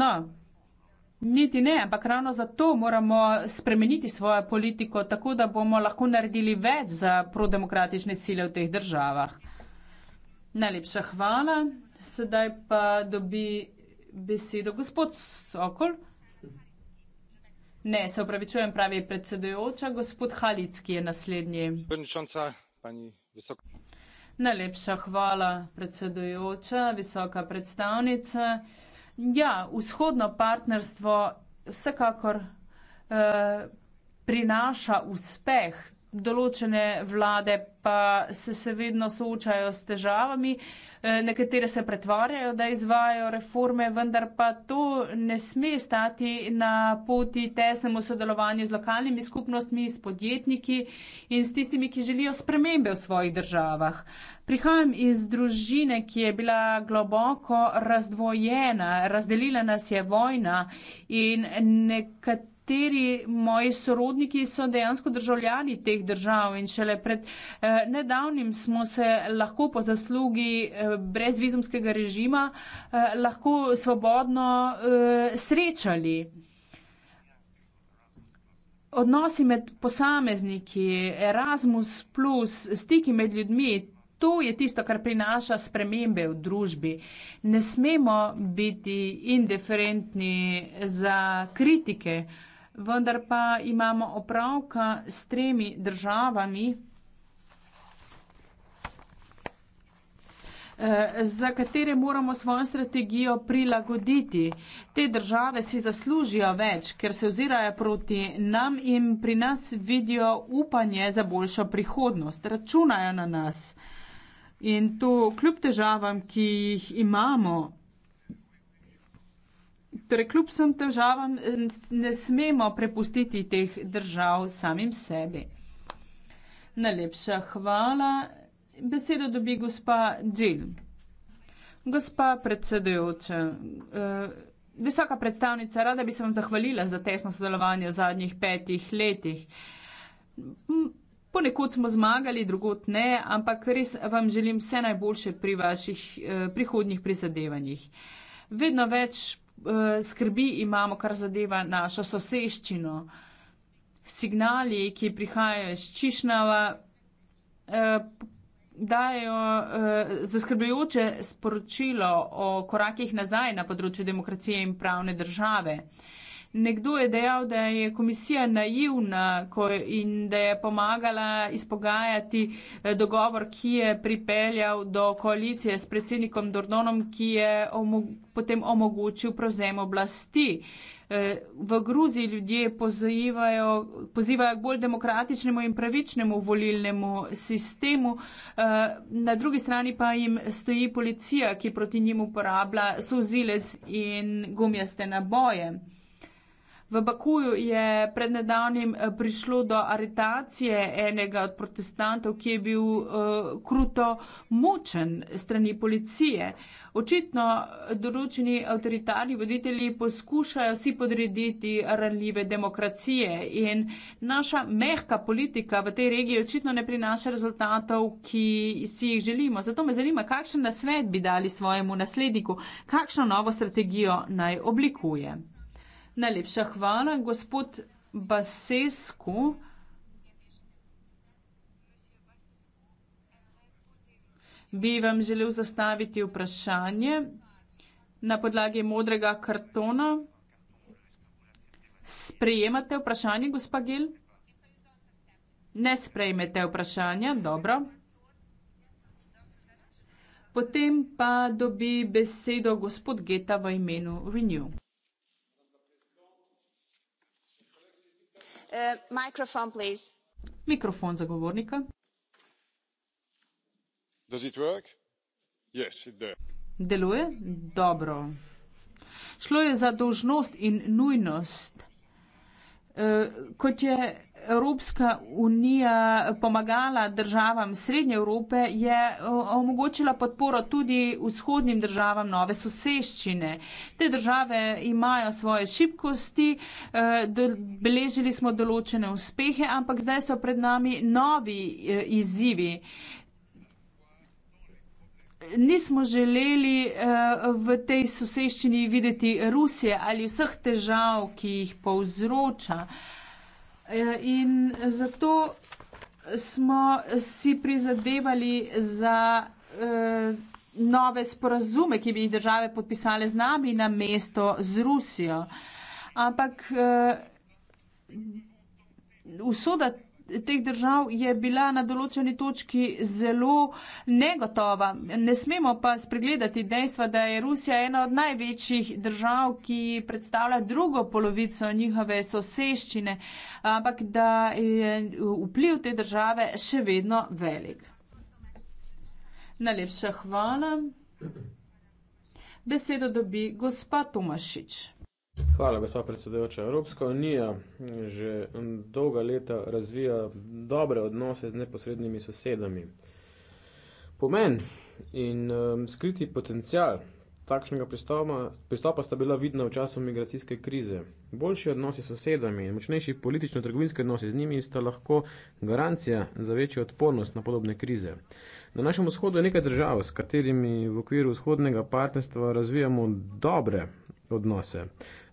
No, niti ne, ampak ravno zato moramo spremeniti svojo politiko, tako da bomo lahko naredili več za prodemokratične sile v teh državah. Najlepša hvala. Sedaj pa dobi besedo gospod Sokol. Ne, se upravičujem, pravi predsedujoča, gospod Halicki je naslednji. Najlepša hvala, predsedujoča, visoka predstavnica. Ja, vzhodno partnerstvo vsekakor eh, prinaša uspeh, določene vlade pa se, se vedno soočajo s težavami, eh, nekatere se pretvarjajo, da izvajo reforme, vendar pa to ne sme stati na poti tesnemu sodelovanju z lokalnimi skupnostmi, s podjetniki in s tistimi, ki želijo spremembe v svojih državah. Prihajam iz družine, ki je bila globoko razdvojena, razdelila nas je vojna in nekatere nekateri moji sorodniki so dejansko državljani teh držav in šele pred eh, nedavnim smo se lahko po zaslugi eh, brezvizumskega režima eh, lahko svobodno eh, srečali. Odnosi med posamezniki, Erasmus, plus, stiki med ljudmi, to je tisto, kar prinaša spremembe v družbi. Ne smemo biti indiferentni za kritike, eh, vendar pa imamo opravka s tremi državami, eh, za katere moramo svojo strategijo prilagoditi. Te države si zaslužijo več, ker se ozirajo proti nam in pri nas vidijo upanje za boljšo prihodnost, računajo na nas. In to kljub težavam, ki jih imamo, Torej, kljub vsem težavam, eh, ne smemo prepustiti teh držav samim sebi. Najlepša hvala. Besedo dobi gospa Džil. Gospa predsedujoča, eh, visoka predstavnica, rada bi se vam zahvalila za tesno sodelovanje v zadnjih petih letih. Ponekod smo zmagali, drugot ne, ampak res vam želim vse najboljše pri vaših eh, prihodnjih prizadevanjih. Vedno več Eh, skrbi imamo, kar zadeva našo soseščino. Signali, ki prihajajo iz Čišnava, eh, dajo eh, zaskrbljujoče sporočilo o korakih nazaj na področju demokracije in pravne države. Nekdo je dejal, da je komisija naivna in da je pomagala izpogajati eh, dogovor, ki je pripeljal do koalicije s predsednikom Dordonom, ki je omog potem omogočil prevzem oblasti. Eh, v Gruziji ljudje pozivajo, pozivajo k bolj demokratičnemu in pravičnemu volilnemu sistemu, eh, na drugi strani pa jim stoji policija, ki proti njim uporablja sozilec in gumijaste naboje. V Bakuju je pred nedavnim eh, prišlo do aretacije enega od protestantov, ki je bil uh, kruto močen strani policije. Očitno eh, določeni avtoritarni voditelji poskušajo si podrediti ranljive demokracije in naša mehka politika v tej regiji očitno ne prinaša rezultatov, ki si jih želimo. Zato me zanima, kakšen nasvet bi dali svojemu nasledniku, kakšno novo strategijo naj oblikuje. Najlepša hvala. Gospod Basescu. Bi vam želel zastaviti vprašanje na podlagi modrega kartona. Sprejemate vprašanje, gospa Gil? Ne sprejmete vprašanja, dobro. Potem pa dobi besedo gospod Geta v imenu Renew. Uh, mikrofon zagovornika. Deluje? Dobro. Šlo je za dolžnost in nujnost. Uh, kot je Evropska unija pomagala državam Srednje Evrope, je omogočila podporo tudi vzhodnim državam nove soseščine. Te države imajo svoje šibkosti, eh, beležili smo določene uspehe, ampak zdaj so pred nami novi eh, izzivi. Nismo želeli eh, v tej soseščini videti Rusije ali vseh težav, ki jih povzroča. Eh, in zato smo si prizadevali za eh, nove sporazume, ki bi jih države podpisale z nami na mesto z Rusijo. Ampak eh, usoda teh držav je bila na določeni točki zelo negotova. Ne smemo pa spregledati dejstva, da je Rusija ena od največjih držav, ki predstavlja drugo polovico njihove soseščine, ampak da je vpliv te države še vedno velik. Najlepša hvala. Besedo dobi gospa Tomašič. Hvala, gospod predsedujoča. Evropska unija že dolga leta razvija dobre odnose z neposrednimi sosedami. Pomen in um, skriti potencial takšnega pristopa, pristopa sta bila vidna v času migracijske krize. Boljši odnosi s sosedami in močnejši politično-trgovinski odnosi z njimi sta lahko garancija za večjo odpornost na podobne krize. Na našem vzhodu je nekaj držav, s katerimi v okviru vzhodnega partnerstva razvijamo dobre odnose.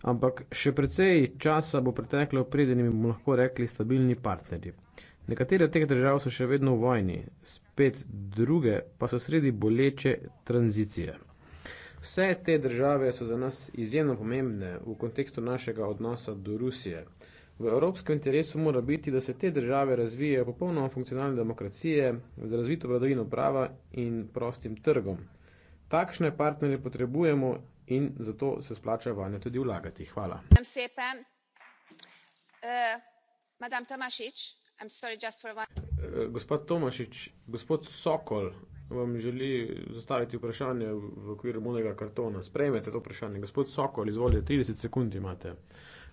Ampak še precej časa bo preteklo, preden jim bomo lahko rekli stabilni partnerji. Nekatere od teh držav so še vedno v vojni, spet druge pa so sredi boleče tranzicije. Vse te države so za nas izjemno pomembne v kontekstu našega odnosa do Rusije. V evropskem interesu mora biti, da se te države razvijajo popolnoma funkcionalne demokracije z razvito vladavino prava in prostim trgom. Takšne partnerje potrebujemo in zato se splača vanje tudi vlagati. Hvala. Eh, eh, gospod Tomašič, gospod Sokol vam želi zastaviti vprašanje v okviru modrega kartona. Sprejmete to vprašanje. Gospod Sokol, izvolite, 30 sekund imate.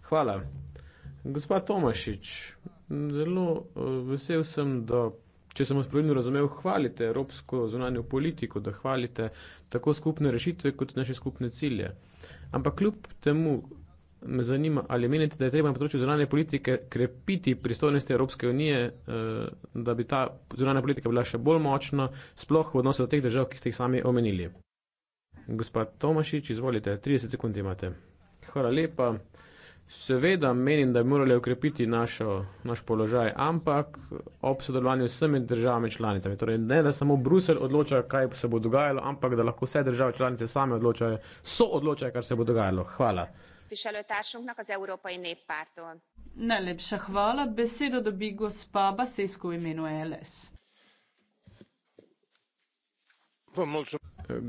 Hvala. Gospa Tomašič, zelo eh, vesel sem, da, če sem vas pravilno razumel, hvalite evropsko zunanjo politiko, da hvalite tako skupne rešitve kot naše skupne cilje. Ampak kljub temu me zanima, ali menite, da je treba na področju zunanje politike krepiti pristojnosti Evropske unije, eh, da bi ta zunanja politika bila še bolj močna, sploh v odnosu do teh držav, ki ste jih sami omenili. Gospa Tomašič, izvolite, 30 sekund imate. Hvala lepa. Seveda menim, da bi morali ukrepiti našo, naš položaj, ampak ob sodelovanju s vsemi državami članicami. Torej, ne da samo Bruselj odloča, kaj se bo dogajalo, ampak da lahko vse države članice same odločajo, so odločajo, kar se bo dogajalo. Hvala. Najlepša hvala. Besedo dobi gospa Basesko v imenu LS.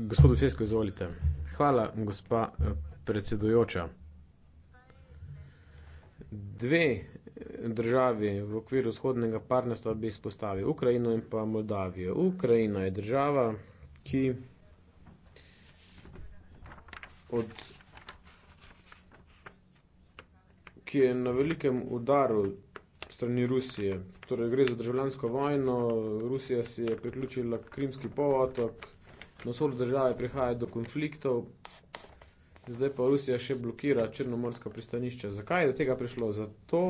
Gospod Basesko, izvolite. Hvala, gospa eh, predsedujoča dve državi v okviru vzhodnega partnerstva bi izpostavil Ukrajino in pa Moldavijo. Ukrajina je država, ki od ki je na velikem udaru strani Rusije. Torej gre za državljansko vojno, Rusija si je priključila krimski polotok, na vzhodu države prihaja do konfliktov, zdaj pa Rusija še blokira črnomorska pristanišča. Zakaj je do tega prišlo? Zato,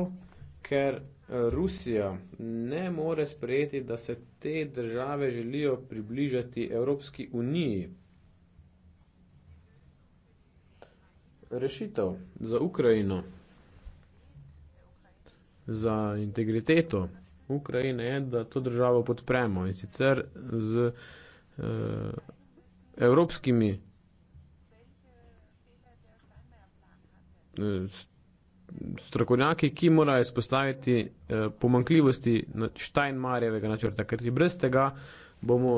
ker eh, Rusija ne more sprejeti, da se te države želijo približati Evropski uniji. Rešitev za Ukrajino, za integriteto Ukrajine je, da to državo podpremo in sicer z eh, evropskimi strokovnjaki, ki morajo izpostaviti eh, pomankljivosti Štajnmarjevega načrta, ker ti brez tega bomo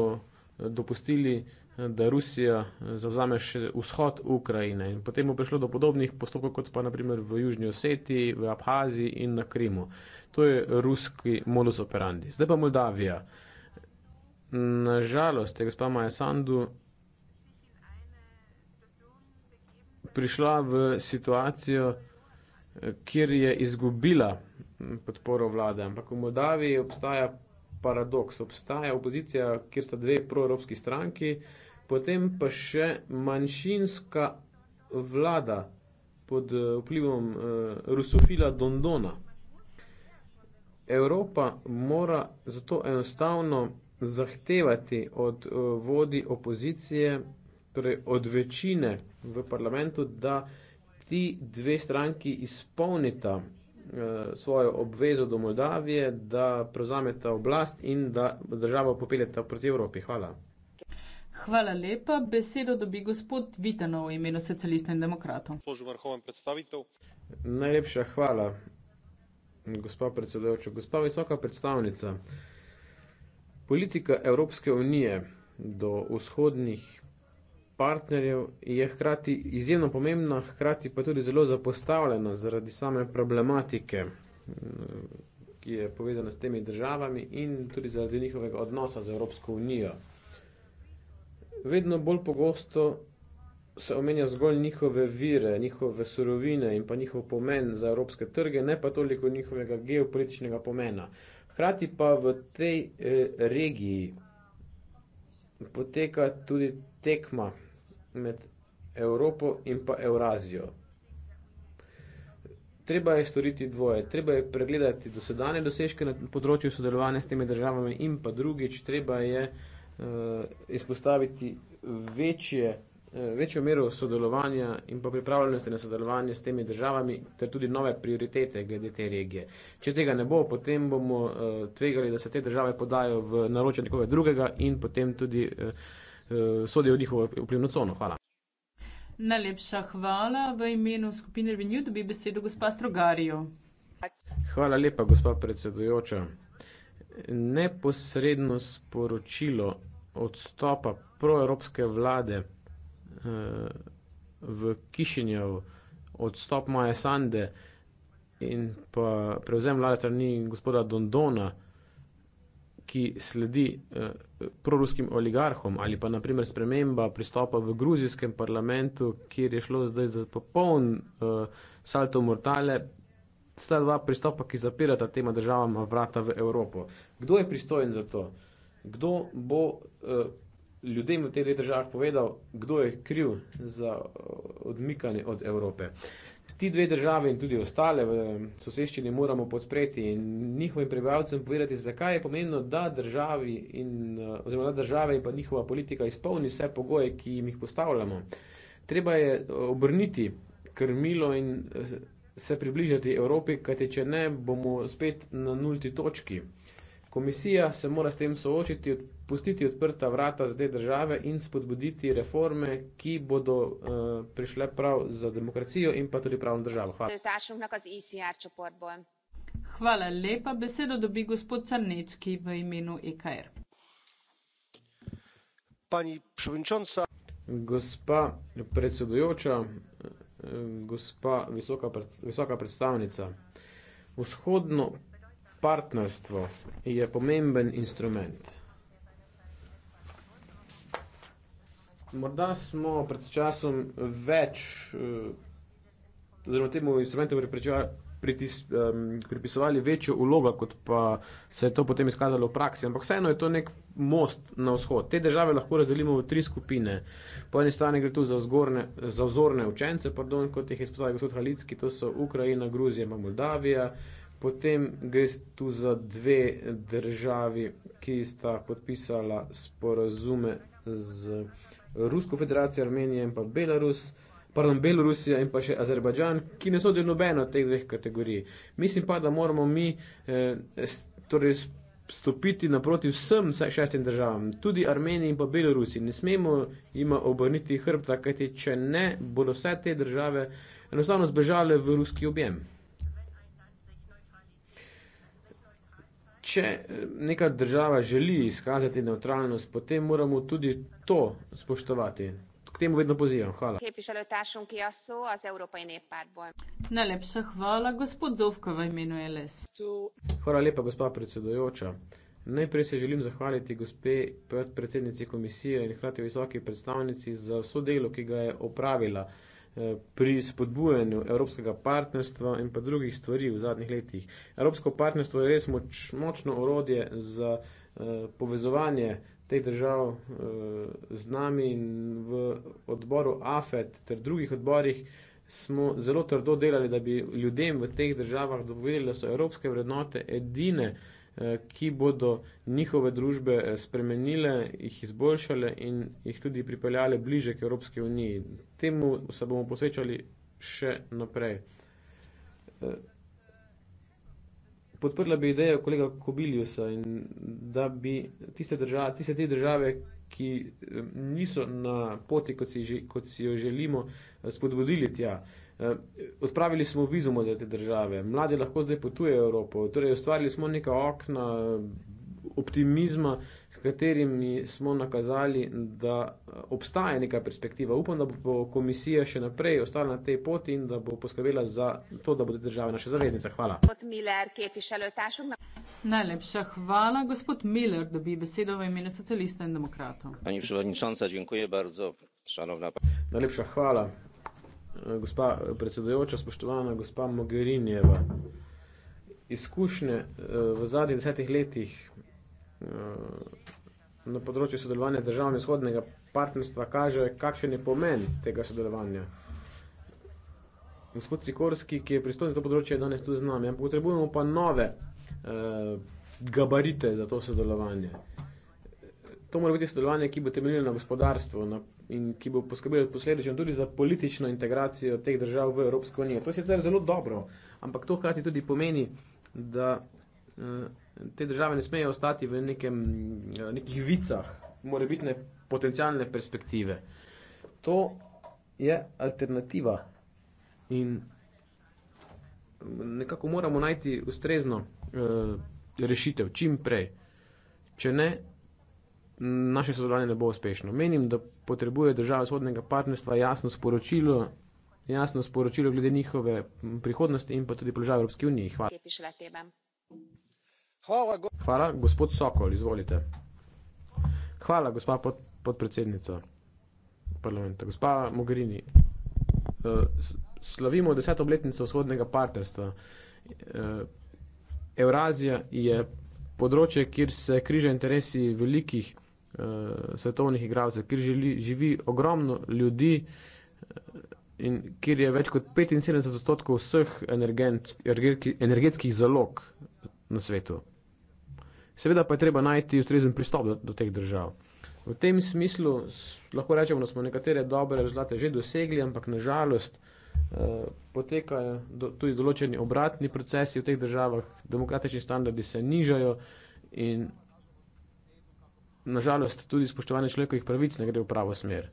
eh, dopustili, eh, da Rusija zavzame še vzhod Ukrajine in potem bo prišlo do podobnih postopkov, kot pa naprimer v Južnji Oseti, v Abhaziji in na Krimu. To je ruski modus operandi. Zdaj pa Moldavija. Nažalost, je gospa Maja Sandu prišla v situacijo, eh, kjer je izgubila podporo vlade. Ampak v Moldaviji obstaja paradoks, obstaja opozicija, kjer sta dve proevropski stranki, potem pa še manjšinska vlada pod eh, vplivom uh, rusofila Dondona. Evropa mora zato enostavno zahtevati od uh, vodi opozicije, torej od večine v parlamentu, da ti dve stranki izpolnita eh, svojo obvezo do Moldavije, da prevzameta oblast in da državo popeljeta proti Evropi. Hvala. Hvala lepa. Besedo dobi gospod Vitanov v imenu socialistov in demokratov. Najlepša hvala, gospa predsedujoča. Gospa visoka predstavnica, politika Evropske unije do vzhodnih partnerjev je hkrati izjemno pomembna, hkrati pa tudi zelo zapostavljena zaradi same problematike, mm, ki je povezana s temi državami in tudi zaradi njihovega odnosa z Evropsko unijo. Vedno bolj pogosto se omenja zgolj njihove vire, njihove surovine in pa njihov pomen za evropske trge, ne pa toliko njihovega geopolitičnega pomena. Hkrati pa v tej eh, regiji poteka tudi tekma med Evropo in pa Eurazijo. Treba je storiti dvoje, treba je pregledati dosedane dosežke na področju sodelovanja s temi državami in pa drugič, treba je uh, izpostaviti večje, uh, večjo mero sodelovanja in pa pripravljenosti na sodelovanje s temi državami ter tudi nove prioritete glede te regije. Če tega ne bo, potem bomo uh, tvegali, da se te države podajo v naročje nekoga drugega in potem tudi uh, Eh, sodijo v njihovo vplivno cono. Hvala. Najlepša hvala v imenu skupine Renew, dobi besedo gospa Strogarijo. Hvala lepa, gospa predsedujoča. Neposredno sporočilo odstopa proevropske vlade eh, v Kišinjev, odstop Maja Sande in pa prevzem vlade strani gospoda Dondona ki sledi eh, proruskim oligarhom, ali pa naprimer sprememba pristopa v gruzijskem parlamentu, kjer je šlo zdaj za popoln eh, salto mortale, sta dva pristopa, ki zapirata tema državama vrata v Evropo. Kdo je pristojen za to? Kdo bo eh, ljudem v teh dveh državah povedal, kdo je kriv za eh, odmikanje od Evrope? Eh, ti dve države in tudi ostale v soseščini moramo podpreti in njihovim prebivalcem povedati, zakaj je pomembno, da državi in e, oziroma da države in pa njihova politika izpolni vse pogoje, ki jim jih postavljamo. Treba je e, obrniti krmilo in e, se približati Evropi, kajte če ne, bomo spet na nulti točki. Komisija se mora s tem soočiti, pustiti odprta vrata zdaj države in spodbuditi reforme, ki bodo uh, prišle prav za demokracijo in pa tudi pravno državo. Hvala. E Hvala lepa. Besedo dobi gospod Carnecki v imenu EKR. Gospa predsedujoča, eh, gospa visoka, visoka predstavnica, vzhodno partnerstvo je pomemben instrument. Morda smo pred časom več eh, oziroma temu instrumentu pripisovali večjo ulogo, kot pa se je to potem izkazalo v praksi. Ampak vseeno je to nek most na vzhod. Te države lahko razdelimo v tri skupine. Po eni strani gre tu za, zgorne, za vzorne učence, pardon, kot jih je izpostavil gospod Halicki, to so Ukrajina, Gruzija in Moldavija. Uh, Potem gre tu za dve državi, ki sta podpisala sporazume z Rusko federacijo, Armenijo in pa Belarus, pardon, Belorusijo in pa še Azerbajdžan, ki ne sodijo nobeno od teh dveh kategorij. Mislim pa, da moramo mi eh, torej stopiti naproti vsem šestim državam, tudi Armeniji in pa Belorusi. Ne smemo jim obrniti hrbta, kajti če ne, bodo vse te države enostavno zbežale v ruski objem. če eh, neka država želi izkazati neutralnost, potem moramo tudi to spoštovati. K temu vedno pozivam. Hvala. Najlepša hvala, gospod Zovko, v imenu LS. Hvala lepa, gospa predsedujoča. Najprej se želim zahvaliti gospe predsednici komisije in hkrati visoki predstavnici za vso delo, ki ga je opravila pri spodbujanju evropskega partnerstva in pa drugih stvari v zadnjih letih. Evropsko partnerstvo je res moč, močno orodje za eh, povezovanje teh držav eh, z nami in v odboru AFET ter drugih odborih smo zelo trdo delali, da bi ljudem v teh državah dopovedali, da so evropske vrednote edine. Eh, ki bodo njihove družbe eh, spremenile, jih izboljšale in jih tudi pripeljale bliže k Evropski uniji. Temu se bomo posvečali še naprej. Eh, podprla bi idejo kolega Kobiljusa in da bi tiste države, tiste te države, ki niso na poti, kot si, kot si jo želimo, spodbudili tja. Eh, odpravili smo vizume za te države, mladi lahko zdaj potujejo v Evropo, torej ustvarili smo neka okna optimizma, s katerimi smo nakazali, da eh, obstaja neka perspektiva. Upam, da bo komisija še naprej ostala na tej poti in da bo poskrbela za to, da bo te države naša zaveznica. Hvala. Najlepša hvala. Gospod Miller dobi besedo v imenu socialista in demokratov. Najlepša hvala. Eh, gospa eh, predsedujoča, spoštovana gospa Mogherinjeva. Izkušnje eh, v zadnjih desetih letih na področju sodelovanja z državami vzhodnega partnerstva kaže, kakšen je pomen tega sodelovanja. Gospod Sikorski, ki je pristojen za to področje, je danes tu z nami, ampak potrebujemo pa nove gabarite za to sodelovanje. To mora biti sodelovanje, ki bo temeljilo na gospodarstvu, na in ki bo poskrbel posledično tudi za politično integracijo teh držav v Evropsko unijo. To je sicer zelo dobro, ampak to hkrati tudi pomeni, da eh, te države ne smejo ostati v nekem, eh, nekih vicah morebitne potencijalne perspektive. To je alternativa in mm, nekako moramo najti ustrezno eh, rešitev, čim prej. Če ne, naše sodelovanje ne bo uspešno. Menim, da potrebuje država vzhodnega partnerstva jasno sporočilo, jasno sporočilo glede njihove prihodnosti in pa tudi položaja Evropske unije. Hvala. Hvala, go Hvala, gospod Sokol, izvolite. Hvala, gospa pod, podpredsednica parlamenta. Gospa Mogherini, uh, slavimo deseto obletnico vzhodnega partnerstva. Uh, eh, Evrazija je področje, kjer se križajo interesi velikih uh, svetovnih igralcev, kjer želi, živi ogromno ljudi eh, in kjer je več kot 75 odstotkov vseh energetskih zalog na svetu. Seveda pa je treba najti ustrezen pristop do, do teh držav. V tem smislu lahko rečemo, da smo nekatere dobre rezultate že dosegli, ampak nažalost eh, potekajo do, tudi določeni obratni procesi v teh državah, demokratični standardi se nižajo in nažalost, tudi spoštovanje človekovih pravic ne gre v pravo smer.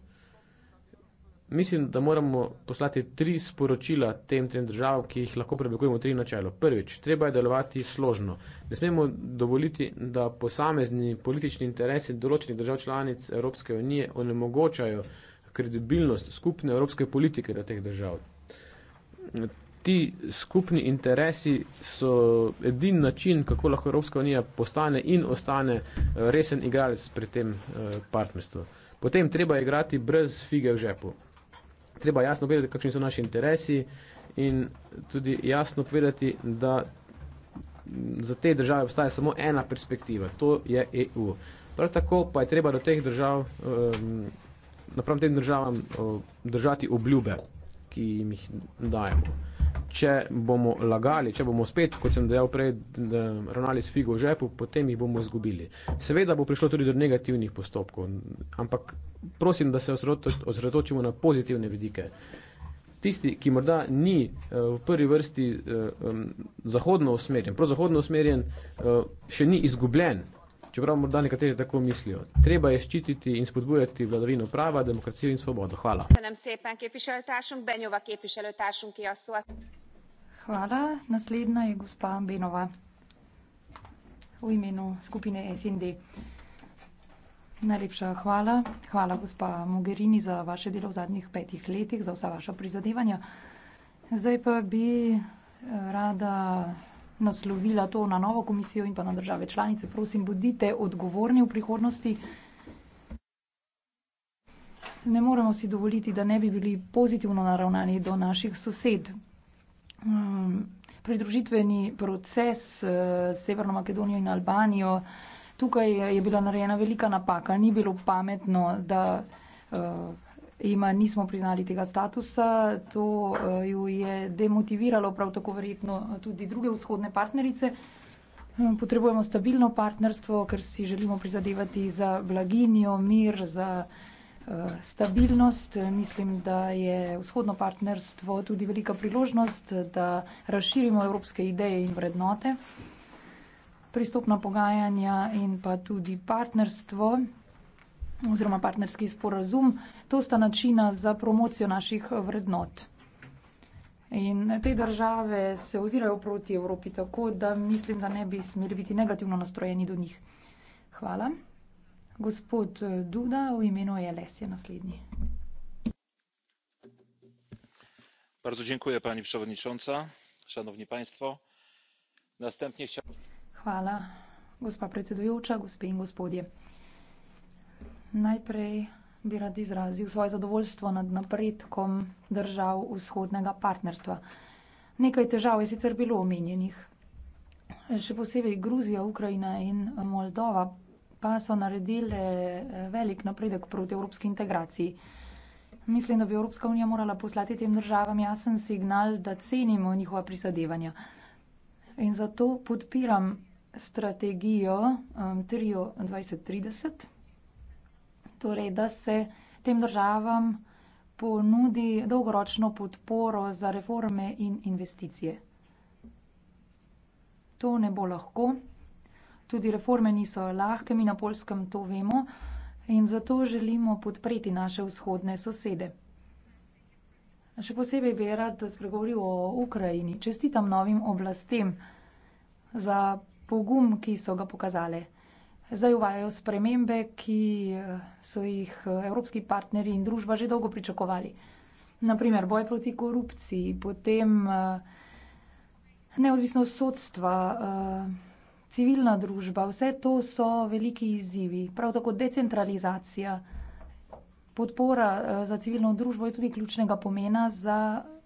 Mislim, da moramo poslati tri sporočila tem trem državam, ki jih lahko preblikujemo v tri načelo. Prvič, treba je delovati složno. Ne smemo dovoliti, da posamezni politični interesi določenih držav članic Evropske unije onemogočajo kredibilnost skupne evropske politike do teh držav ti skupni interesi so edin način, kako lahko Evropska unija postane in ostane eh, resen igralec pri tem eh, partnerstvu. Potem treba igrati brez fige v žepu. Treba jasno povedati, kakšni so naši interesi in tudi jasno povedati, da za te države obstaja samo ena perspektiva, to je EU. Prav tako pa je treba do teh držav, eh, napram tem državam, držati obljube, ki jim jih dajemo. Če bomo lagali, če bomo spet, kot sem dejal prej, ravnali s figo v žepu, potem jih bomo izgubili. Seveda bo prišlo tudi do negativnih postopkov, ampak prosim, da se osredotočimo na pozitivne vidike. Tisti, ki morda ni eh, v prvi vrsti eh, zahodno usmerjen, prozahodno usmerjen, eh, še ni izgubljen, čeprav morda nekateri tako mislijo. Treba je ščititi in spodbujati vladavino prava, demokracijo in svobodo. Hvala. Hvala. Naslednja je gospa Benova v imenu skupine SND. Najlepša hvala. Hvala, gospa Mogherini, za vaše delo v zadnjih petih letih, za vsa vaša prizadevanja. Zdaj pa bi eh, rada naslovila to na novo komisijo in pa na države članice. Prosim, bodite odgovorni v prihodnosti. Ne moremo si dovoliti, da ne bi bili pozitivno naravnani do naših sosed. Um, pridružitveni proces eh, s uh, Severno Makedonijo in Albanijo, tukaj je bila narejena velika napaka. Ni bilo pametno, da uh, jima nismo priznali tega statusa. To eh, jo je demotiviralo, prav tako verjetno tudi druge vzhodne partnerice. Hm, potrebujemo stabilno partnerstvo, ker si želimo prizadevati za blaginjo, mir, za eh, stabilnost. Mislim, da je vzhodno partnerstvo tudi velika priložnost, da razširimo evropske ideje in vrednote. Pristopna pogajanja in pa tudi partnerstvo oziroma partnerski sporazum, to sta načina za promocijo naših vrednot. In te države se ozirajo proti Evropi tako, da mislim, da ne bi smeli biti negativno nastrojeni do njih. Hvala. Gospod Duda, v imenu je Les je naslednji. Bardzo dziękuję pani przewodnicząca, szanowni państwo. Następnie chciałbym. Hvala, gospa predsedujoča, gospe in gospodje. Najprej bi rad izrazil svoje zadovoljstvo nad napredkom držav vzhodnega partnerstva. Nekaj težav je sicer bilo omenjenih. Še posebej Gruzija, Ukrajina in Moldova pa so naredile eh, velik napredek proti evropski integraciji. Mislim, da bi Evropska unija morala poslati tem državam jasen signal, da cenimo njihova prisadevanja. In zato podpiram strategijo um, Trio 2030 torej da se tem državam ponudi dolgoročno podporo za reforme in investicije. To ne bo lahko. Tudi reforme niso lahke, mi na Poljskem to vemo in zato želimo podpreti naše vzhodne sosede. Še posebej bi rad spregovoril o Ukrajini. Čestitam novim oblastem za pogum, ki so ga pokazale. Zdaj uvajajo spremembe, ki eh, so jih eh, evropski partnerji in družba že dolgo pričakovali. Naprimer, boj proti korupciji, potem eh, neodvisnost sodstva, civilna družba, vse to so veliki izzivi. Prav tako decentralizacija, podpora za civilno družbo je tudi ključnega pomena za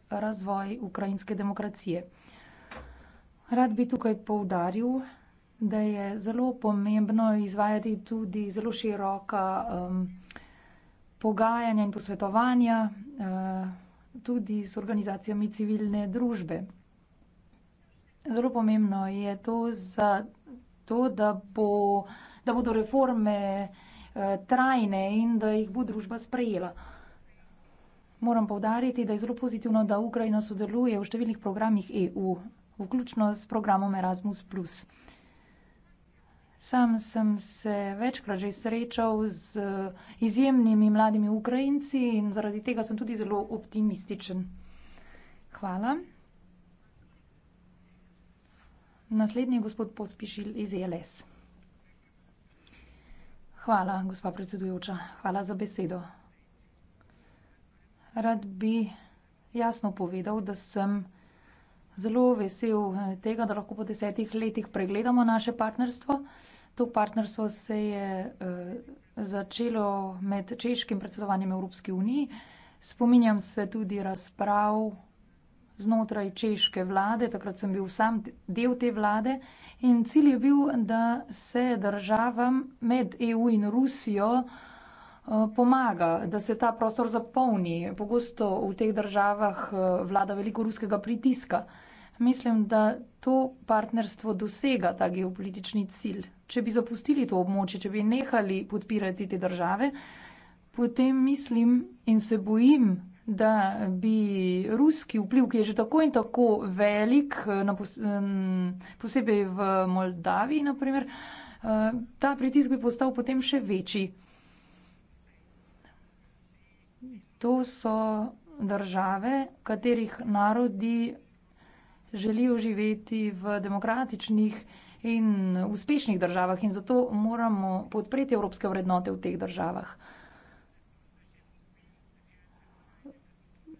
razvoj ukrajinske demokracije. Rad bi tukaj poudaril, da je zelo pomembno izvajati tudi zelo široka um, pogajanja in posvetovanja uh, tudi s organizacijami civilne družbe. Zelo pomembno je to za to, da, bo, da bodo reforme uh, trajne in da jih bo družba sprejela. Moram povdariti, da je zelo pozitivno, da Ukrajina sodeluje v številnih programih EU, vključno s programom Erasmus. Sam sem se večkrat že srečal z eh, izjemnimi mladimi Ukrajinci in zaradi tega sem tudi zelo optimističen. Hvala. Naslednji je gospod Pospišil iz ELS. Hvala, gospa predsedujoča. Hvala za besedo. Rad bi jasno povedal, da sem zelo vesel eh, tega, da lahko po desetih letih pregledamo naše partnerstvo. To partnerstvo se je eh, začelo med češkim predsedovanjem Evropske unije. Spominjam se tudi razprav znotraj češke vlade, takrat sem bil sam del te vlade in cilj je bil, da se državam med EU in Rusijo eh, pomaga, da se ta prostor zapolni. Pogosto v teh državah eh, vlada veliko ruskega pritiska mislim, da to partnerstvo dosega ta geopolitični cilj. Če bi zapustili to območje, če bi nehali podpirati te države, potem mislim in se bojim, da bi ruski vpliv, ki je že tako in tako velik, eh, posebej v Moldaviji, naprimer, eh, ta pritisk bi postal potem še večji. To so države, katerih narodi želijo živeti v demokratičnih in uspešnih državah in zato moramo podpreti evropske vrednote v teh državah.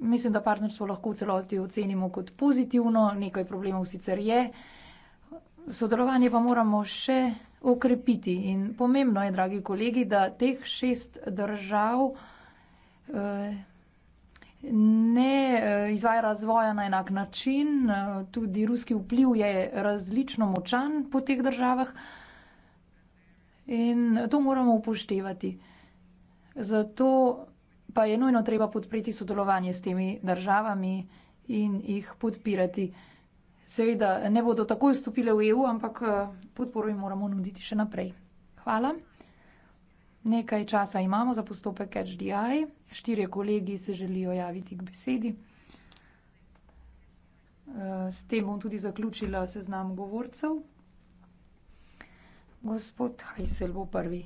Mislim, da partnerstvo lahko v celoti ocenimo kot pozitivno, nekaj problemov sicer je, sodelovanje pa moramo še okrepiti in pomembno je, dragi kolegi, da teh šest držav eh, ne eh, izvaja razvoja na enak način, eh, tudi ruski vpliv je različno močan po teh državah in to moramo upoštevati. Zato pa je nujno treba podpreti sodelovanje s temi državami in jih podpirati. Seveda ne bodo takoj vstopile v EU, ampak eh, podporo jim moramo nuditi še naprej. Hvala. Nekaj časa imamo za postopek HDI. Štirje kolegi se želijo javiti k besedi. Eh, s tem bom tudi zaključila seznam govorcev. Gospod Hajsel bo prvi.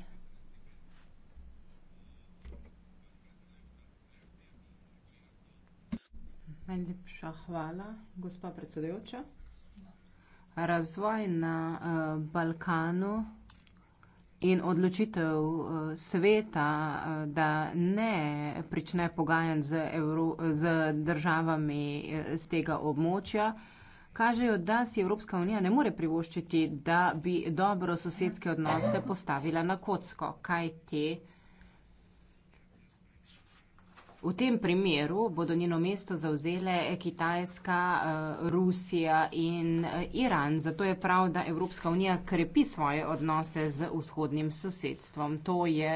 Najlepša hvala, gospa predsedujoča. Razvoj na, eh, Balkanu In odločitev eh, sveta, eh, da ne prične pogajanj z, z državami z eh, tega območja, kažejo, da si Evropska unija ne more privoščiti, da bi dobro sosedske odnose postavila na kocko, kaj te V tem primeru bodo njeno mesto zavzele eh, Kitajska, eh, Rusija in eh, Iran. Zato je prav, da Evropska unija krepi svoje odnose z vzhodnim sosedstvom. To je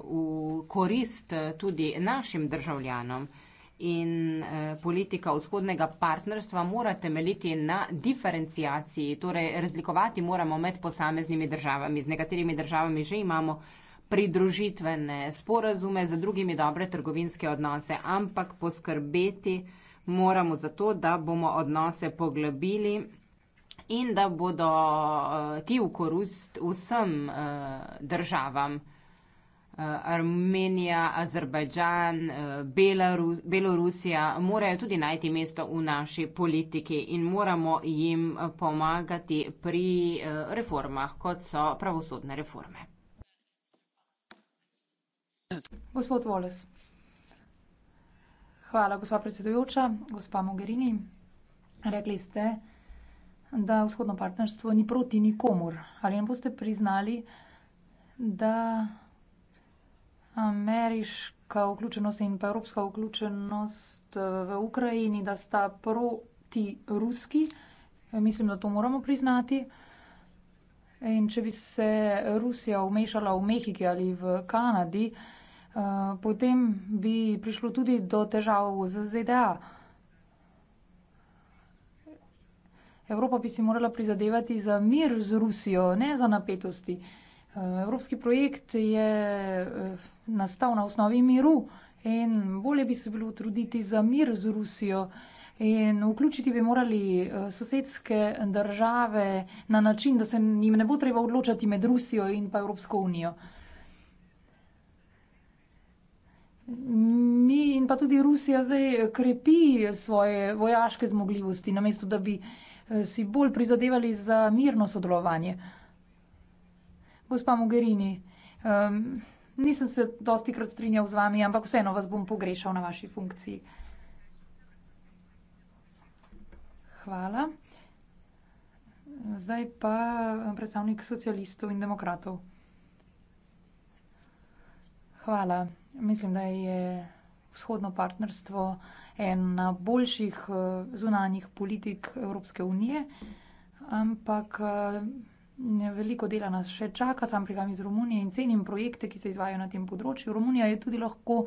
v korist tudi našim državljanom. In politika vzhodnega partnerstva mora temeljiti na diferencijaciji, torej razlikovati moramo med posameznimi državami. Z nekaterimi državami že imamo pridružitvene sporazume, za drugimi dobre trgovinske odnose, ampak poskrbeti moramo za to, da bomo odnose poglobili in da bodo eh, ti v korust vsem eh, državam. Eh, Armenija, Azerbajdžan, Belarus, Belorusija morajo tudi najti mesto v naši politiki in moramo jim pomagati pri reformah, kot so pravosodne reforme. Gospod Voles. Hvala, gospa predsedujoča, gospa Mogherini. Rekli ste, da vzhodno partnerstvo ni proti nikomur. Ali ne boste priznali, da ameriška vključenost in pa evropska vključenost v Ukrajini, da sta proti ruski? Mislim, da to moramo priznati. In če bi se Rusija umešala v Mehiki ali v Kanadi, Eh, potem bi prišlo tudi do težav z ZDA. Evropa bi si morala prizadevati za mir z Rusijo, ne za napetosti. Eh, evropski projekt je eh, nastal na osnovi miru in bolje bi se bilo truditi za mir z Rusijo in vključiti bi morali sosedske države na način, da se jim ne bo treba odločati med Rusijo in pa Evropsko unijo. Mi in pa tudi Rusija zdaj krepi svoje vojaške zmogljivosti, namesto da bi eh, si bolj prizadevali za mirno sodelovanje. Gospa Mogherini, um, nisem se dosti krat strinjal z vami, ampak vseeno vas bom pogrešal na vaši funkciji. Hvala. Zdaj pa eh, predstavnik socialistov in demokratov. Hvala. Mislim, da je vzhodno partnerstvo ena boljših eh, zunanjih politik Evropske unije, ampak eh, veliko dela nas še čaka. Sam prihajam iz Romunije in cenim projekte, ki se izvajo na tem področju. Romunija je tudi lahko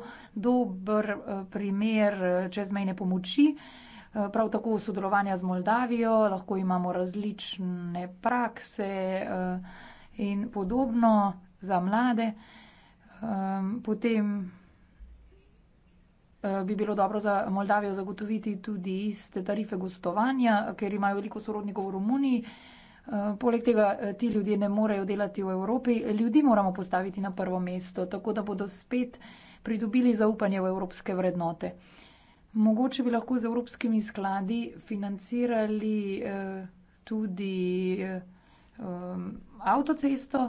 dober eh, primer čezmejne pomoči. Prav tako sodelovanja z Moldavijo, lahko imamo različne prakse in podobno za mlade. Um, potem uh, bi bilo dobro za Moldavijo zagotoviti tudi iste tarife gostovanja, ker imajo veliko sorodnikov v Romuniji. Uh, poleg tega eh, ti ljudje ne morejo delati v Evropi. Ljudi moramo postaviti na prvo mesto, tako da bodo spet pridobili zaupanje v evropske vrednote. Mogoče bi lahko z evropskimi skladi financirali uh, tudi uh, um, avtocesto.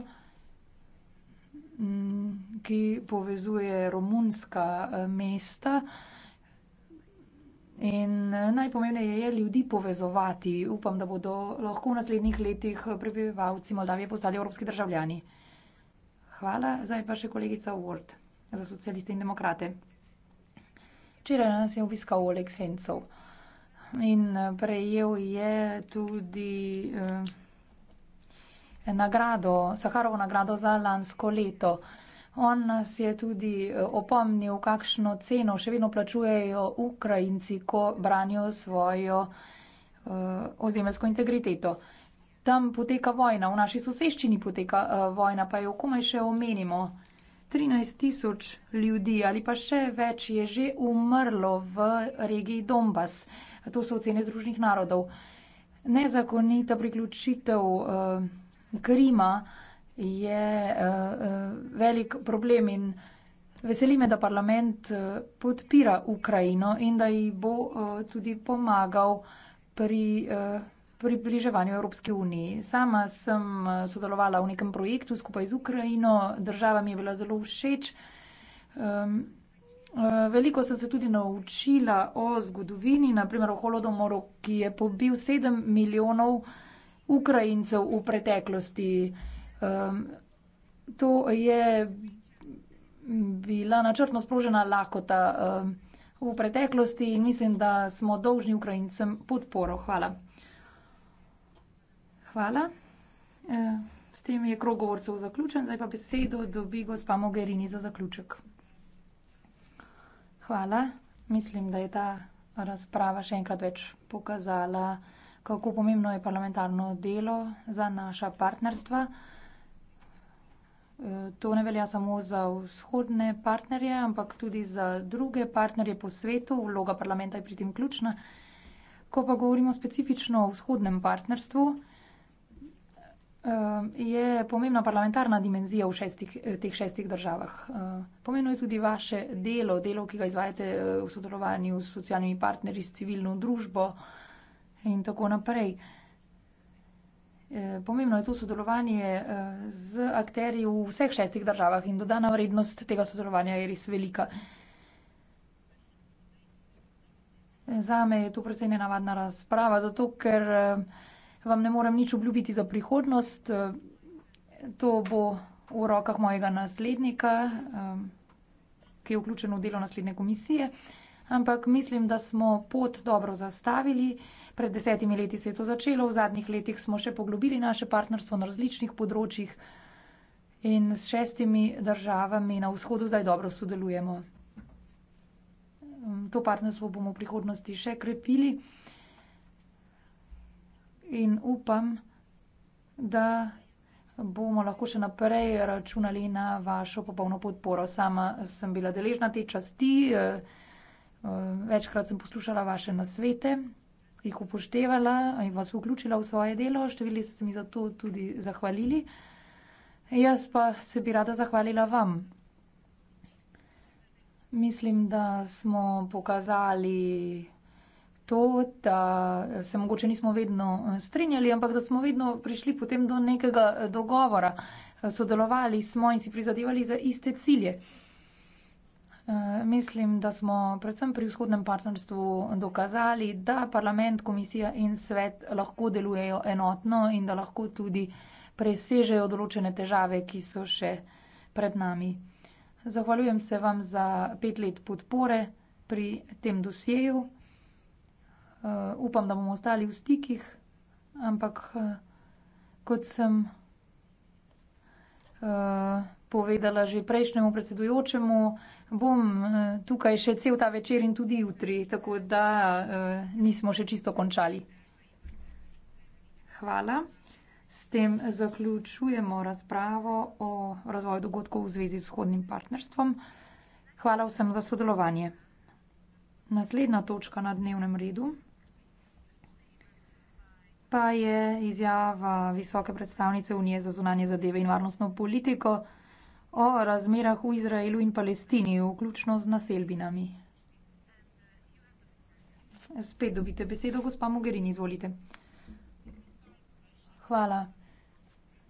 Mm, ki povezuje romunska eh, mesta. In eh, najpomembneje je ljudi povezovati. Upam, da bodo lahko v naslednjih letih eh, prebivalci Moldavije postali evropski državljani. Hvala. Zdaj pa še kolegica Ward za socialiste in demokrate. Včeraj nas je obiskal Oleg Sencov in prejel je tudi. Uh, nagrado, Saharovo nagrado za lansko leto. On nas je tudi eh, opomnil, kakšno ceno še vedno plačujejo Ukrajinci, ko branijo svojo uh, eh, ozemelsko integriteto. Tam poteka vojna, v naši soseščini poteka uh, vojna, pa jo komaj še omenimo. 13 tisoč ljudi ali pa še več je že umrlo v regiji Donbas. To so ocene Združenih narodov. Nezakonita priključitev. Uh, Krima je eh, eh, velik problem in veseli me, da parlament eh, podpira Ukrajino in da ji bo tudi pomagal pri približevanju Evropski uniji. Sama sem sodelovala v nekem projektu skupaj z Ukrajino, država mi je bila zelo všeč. Ehm, veliko sem se tudi naučila o zgodovini, naprimer o holodomoru, ki je pobil sedem milijonov ljudi. Ukrajincev v preteklosti. Um, to je bila načrtno sprožena lakota um, v preteklosti in mislim, da smo dolžni Ukrajincem podporo. Hvala. Hvala. E, s tem je krog govorcev zaključen, zdaj pa besedo dobi gospa Mogherini za zaključek. Hvala. Mislim, da je ta razprava še enkrat več pokazala, kako pomembno je parlamentarno delo za naša partnerstva. E, to ne velja samo za vzhodne partnerje, ampak tudi za druge partnerje po svetu. Vloga parlamenta je pri tem ključna. Ko pa govorimo specifično o vzhodnem partnerstvu, e, je pomembna parlamentarna dimenzija v šestih, e, teh šestih državah. Pomembno je tudi vaše delo, delo, ki ga izvajate v sodelovanju s socialnimi partnerji, s civilno družbo in tako naprej. Eh, pomembno je to sodelovanje eh, z akteri v vseh šestih državah in dodana vrednost tega sodelovanja je res velika. Eh, zame je to precej nenavadna razprava, zato ker vam ne morem nič obljubiti za prihodnost. To bo v rokah mojega naslednika, ki je vključen v delo naslednje komisije ampak mislim, da smo pot dobro zastavili. Pred desetimi leti se je to začelo, v zadnjih letih smo še poglobili naše partnerstvo na različnih področjih in s šestimi državami na vzhodu zdaj dobro sodelujemo. To partnerstvo bomo v prihodnosti še krepili in upam, da bomo lahko še naprej računali na vašo popolno podporo. Sama sem bila deležna te časti. Eh, večkrat sem poslušala vaše nasvete, jih upoštevala in vas vključila v svoje delo. Številni ste mi za to tudi zahvalili. Jaz pa se bi rada zahvalila vam. Mislim, da smo pokazali to, da se mogoče nismo vedno eh, strinjali, ampak da smo vedno prišli potem do nekega eh, dogovora. Sodelovali smo in si prizadevali za iste cilje. Eh, mislim, da smo predvsem pri vzhodnem partnerstvu dokazali, da parlament, komisija in svet lahko delujejo enotno in da lahko tudi presežejo določene težave, ki so še pred nami. Zahvaljujem se vam za pet let podpore pri tem dosjeju. Eh, upam, da bomo ostali v stikih, ampak eh, kot sem povedala že prejšnjemu predsedujočemu, Bom eh, tukaj še cel ta večer in tudi jutri, tako da eh, nismo še čisto končali. Hvala. S tem zaključujemo razpravo o razvoju dogodkov v zvezi z vzhodnim partnerstvom. Hvala vsem za sodelovanje. Naslednja točka na dnevnem redu pa je izjava visoke predstavnice Unije za zunanje zadeve in varnostno politiko o razmerah v Izraelu in Palestini, vključno z naselbinami. Spet dobite besedo, gospa Mogherini, izvolite. Hvala.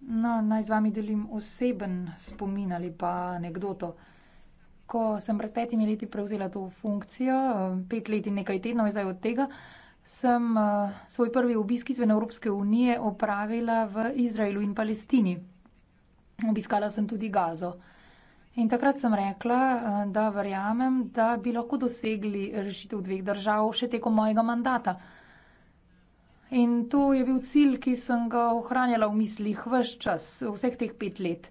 No, naj z vami delim oseben spomin ali pa anegdoto. Ko sem pred petimi leti prevzela to funkcijo, pet let in nekaj tednov je zdaj od tega, sem eh, svoj prvi obisk izven Evropske unije opravila v Izraelu in Palestini obiskala sem tudi Gazo. In takrat sem rekla, eh, da verjamem, da bi lahko dosegli rešitev dveh držav še tekom mojega mandata. In to je bil cilj, ki sem ga ohranjala v mislih vse čas, vseh teh pet let.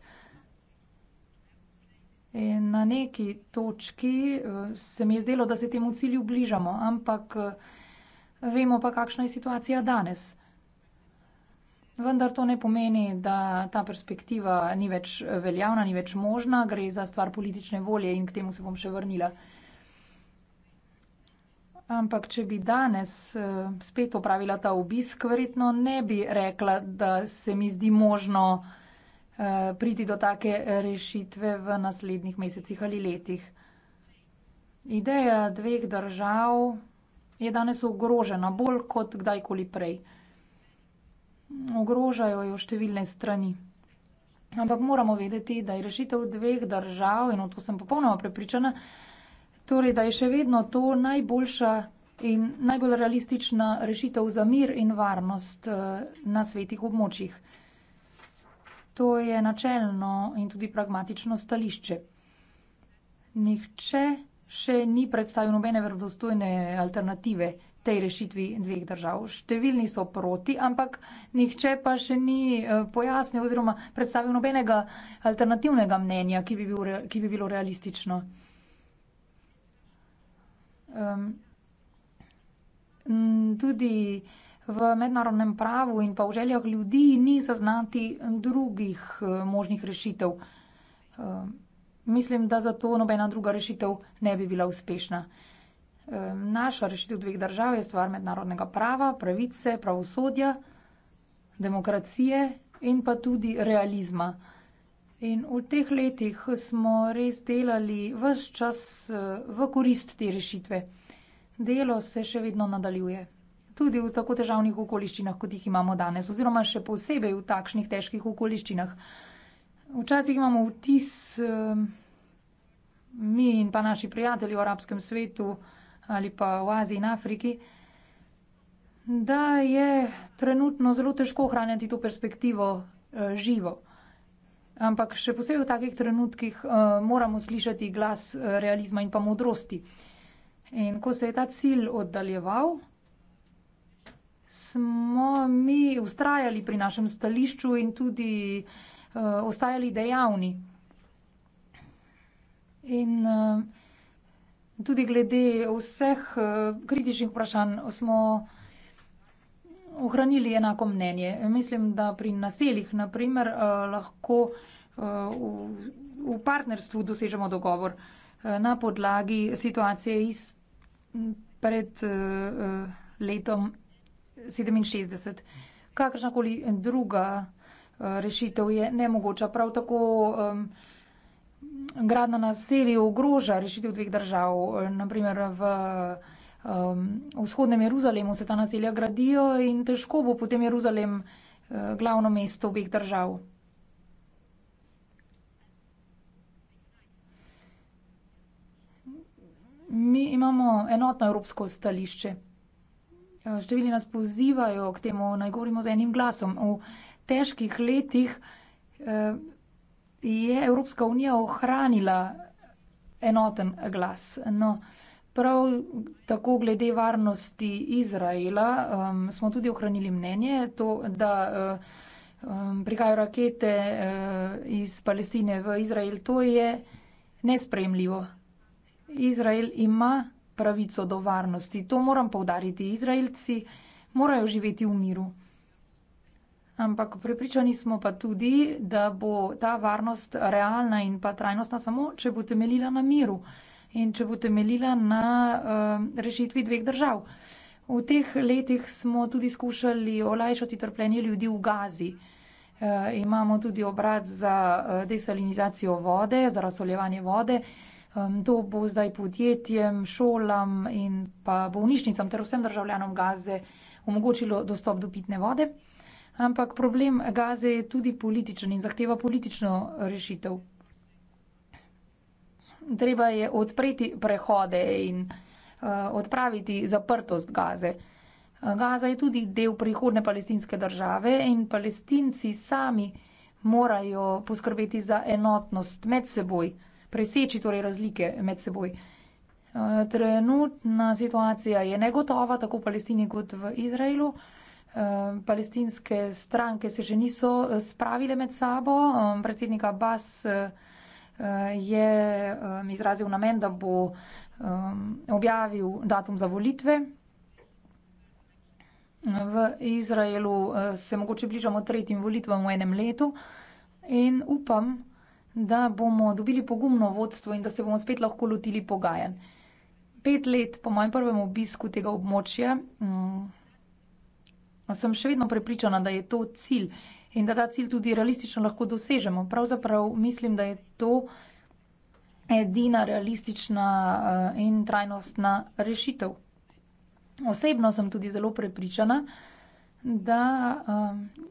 In na neki točki eh, se mi je zdelo, da se temu cilju bližamo, ampak eh, vemo pa, kakšna je situacija danes. Vendar to ne pomeni, da ta perspektiva ni več veljavna, ni več možna, gre za stvar politične volje in k temu se bom še vrnila. Ampak, če bi danes eh, spet opravila ta obisk, verjetno ne bi rekla, da se mi zdi možno eh, priti do take rešitve v naslednjih mesecih ali letih. Ideja dveh držav je danes ogrožena bolj kot kdajkoli prej ogrožajo jo številne strani. Ampak moramo vedeti, da je rešitev dveh držav, in o to sem popolnoma prepričana, torej, da je še vedno to najboljša in najbolj realistična rešitev za mir in varnost eh, na svetih območjih. To je načelno in tudi pragmatično stališče. Nihče še ni predstavil nobene verodostojne alternative tej rešitvi dveh držav. Številni so proti, ampak nihče pa še ni eh, pojasnil oziroma predstavil nobenega alternativnega mnenja, ki bi, bil, ki bi bilo realistično. Um, tudi v mednarodnem pravu in pa v željah ljudi ni zaznati drugih eh, možnih rešitev. Um, mislim, da zato nobena druga rešitev ne bi bila uspešna. Naša rešitev dveh držav je stvar mednarodnega prava, pravice, pravosodja, demokracije in pa tudi realizma. In v teh letih smo res delali vse čas eh, v korist te rešitve. Delo se še vedno nadaljuje. Tudi v tako težavnih okoliščinah, kot jih imamo danes, oziroma še posebej v takšnih težkih okoliščinah. Včasih imamo vtis, eh, mi in pa naši prijatelji v arabskem svetu, da ali pa v Aziji in Afriki, da je trenutno zelo težko ohranjati to perspektivo eh, živo. Ampak še posebej v takih trenutkih eh, moramo slišati glas eh, realizma in pa modrosti. In ko se je ta cilj oddaljeval, smo mi ustrajali pri našem stališču in tudi ostajali dejavni. In uh, tudi glede vseh eh, kritičnih vprašanj smo ohranili enako mnenje. Mislim, da pri naseljih, naprimer, eh, lahko eh, v partnerstvu dosežemo dogovor na podlagi situacije iz pred letom 67. Kakršnakoli druga rešitev je nemogoča. Prav tako um, gradnja naselij ogroža rešitev dveh držav. Naprimer v um, vzhodnem Jeruzalemu se ta naselja gradijo in težko bo potem Jeruzalem uh, glavno mesto obeh držav. Mi imamo enotno evropsko stališče. Eh, številni nas pozivajo k temu, naj govorimo z enim glasom. V težkih letih. Uh, je Evropska unija ohranila enoten glas. No, prav tako glede varnosti Izraela um, smo tudi ohranili mnenje, to, da uh, um, prihajajo rakete uh, iz Palestine v Izrael. To je nespremljivo. Izrael ima pravico do varnosti. To moram povdariti. Izraelci morajo živeti v miru ampak prepričani smo pa tudi, da bo ta varnost realna in pa trajnostna samo, če bo temeljila na miru in če bo temeljila na uh, rešitvi dveh držav. V teh letih smo tudi skušali olajšati trpljenje ljudi v gazi. E, imamo tudi obrat za eh, desalinizacijo vode, za razsoljevanje vode. E, to bo zdaj podjetjem, šolam in pa bolnišnicam ter vsem državljanom gaze omogočilo dostop do pitne vode ampak problem Gaze je tudi političen in zahteva politično rešitev. Treba je odpreti prehode in uh, odpraviti zaprtost Gaze. Gaza je tudi del prihodne palestinske države in palestinci sami morajo poskrbeti za enotnost med seboj, preseči torej razlike med seboj. Eh, trenutna situacija je negotova, tako v Palestini kot v Izraelu palestinske stranke se že niso eh, spravile med sabo. Predsednik Abbas eh, eh, je izrazil namen, da bo objavil datum za volitve. V Izraelu se mogoče bližamo tretjim volitvam v enem letu in upam, da bomo dobili pogumno vodstvo in da se bomo spet lahko lotili pogajanj. Pet let po mojem prvem obisku tega območja sem še vedno prepričana, da je to cilj in da ta cilj tudi realistično lahko dosežemo. Pravzaprav mislim, da je to edina realistična eh, in trajnostna rešitev. Osebno sem tudi zelo prepričana, da eh,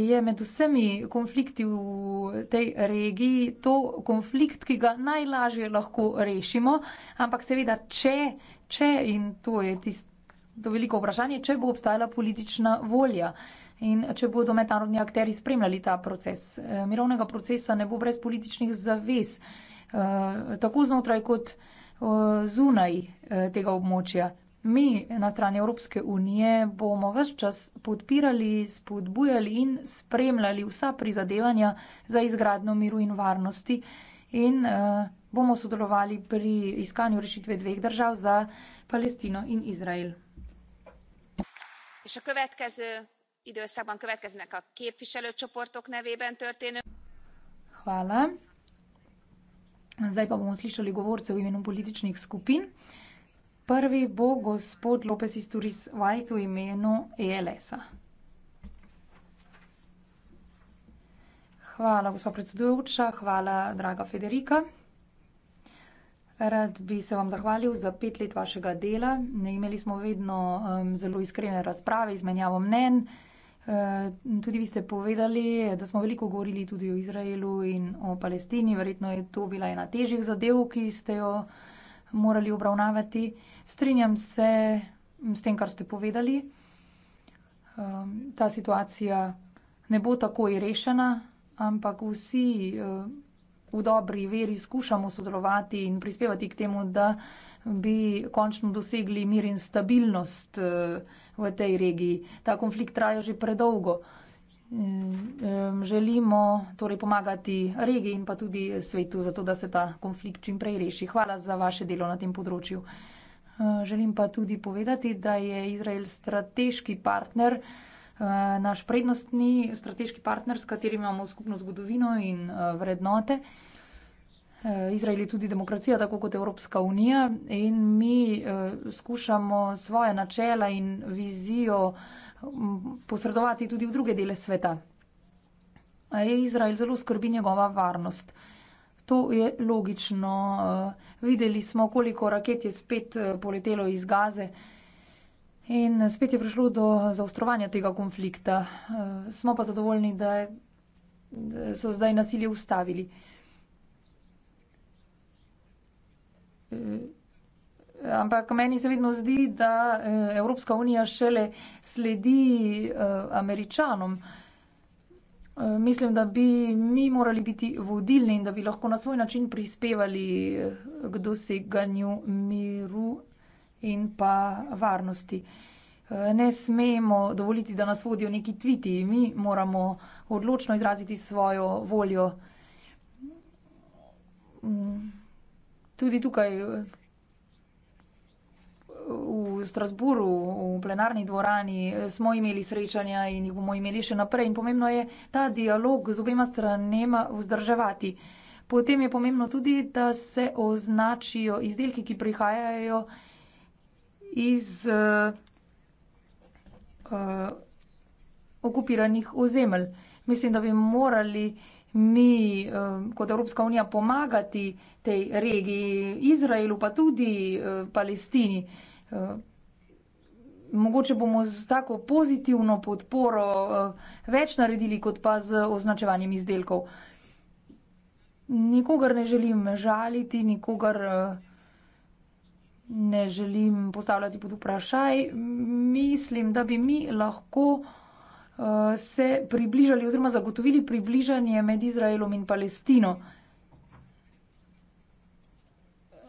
je med vsemi konflikti v tej regiji to konflikt, ki ga najlažje lahko rešimo, ampak seveda, če, če in to je tisto, to veliko vprašanje, če bo obstajala politična volja in če bodo mednarodni akteri spremljali ta proces. Eh, mirovnega procesa ne bo brez političnih zavez, eh, tako znotraj kot eh, zunaj tega območja. Mi na strani Evropske unije bomo vse čas podpirali, spodbujali in spremljali vsa prizadevanja za izgradno miru in varnosti in uh, bomo sodelovali pri iskanju rešitve dveh držav za Palestino in Izrael és a következő időszakban következnek a képviselőcsoportok nevében történő Hvala. Zdaj pa bomo slišali govorce v imenu političnih skupin. Prvi bo gospod Lopez iz Turis White v imenu ELS-a. Hvala, gospod predsedujoča. Hvala, draga Federika. Rad bi se vam zahvalil za pet let vašega dela. Imeli smo vedno um, zelo iskrene razprave, izmenjavo mnen. Uh, tudi vi ste povedali, da smo veliko govorili tudi o Izraelu in o Palestini. Verjetno je to bila ena težjih zadev, ki ste jo morali obravnavati. Strinjam se um, s tem, kar ste povedali. Um, ta situacija ne bo takoj rešena, ampak vsi. Uh, v dobri veri skušamo sodelovati in prispevati k temu, da bi končno dosegli mir in stabilnost eh, v tej regiji. Ta konflikt traja že predolgo. Mm, eh, želimo torej pomagati regiji in pa tudi svetu, zato da se ta konflikt čim prej reši. Hvala za vaše delo na tem področju. Eh, želim pa tudi povedati, da je Izrael strateški partner. Eh, naš prednostni strateški partner, s katerim imamo skupno zgodovino in eh, vrednote. Eh, Izrael je tudi demokracija, tako kot Evropska unija in mi skušamo svoje načela in vizijo posredovati tudi v druge dele sveta. Izrael zelo skrbi njegova varnost. To je logično. Videli smo, koliko raket je spet poletelo iz Gaze. In spet je prišlo do zaostrovanja tega konflikta. Eh, smo pa zadovoljni, da so zdaj nasilje ustavili. Eh, ampak meni se vedno zdi, da eh, Evropska unija šele sledi američanom. Mislim, da bi mi morali biti vodilni in da bi lahko na svoj način prispevali k doseganju miru in pa varnosti. Eh, ne smemo dovoliti, da nas vodijo neki tviti. Mi moramo odločno izraziti svojo voljo. Mm, tudi tukaj eh, v Strasburu, v plenarni dvorani, eh, smo imeli srečanja in jih bomo imeli še naprej. In pomembno je ta dialog z obema stranema vzdrževati. Potem je pomembno tudi, da se označijo izdelki, ki prihajajo iz eh, eh, okupiranih ozemelj. Mislim, da bi morali mi eh, kot Evropska unija pomagati tej regiji Izraelu, pa tudi Palestini. Mogoče bomo z tako pozitivno podporo več naredili, kot pa z označevanjem izdelkov. Nikogar ne želim žaliti, nikogar ne želim postavljati pod vprašaj. Mislim, da bi mi lahko uh, se približali oziroma zagotovili približanje med Izraelom in Palestino.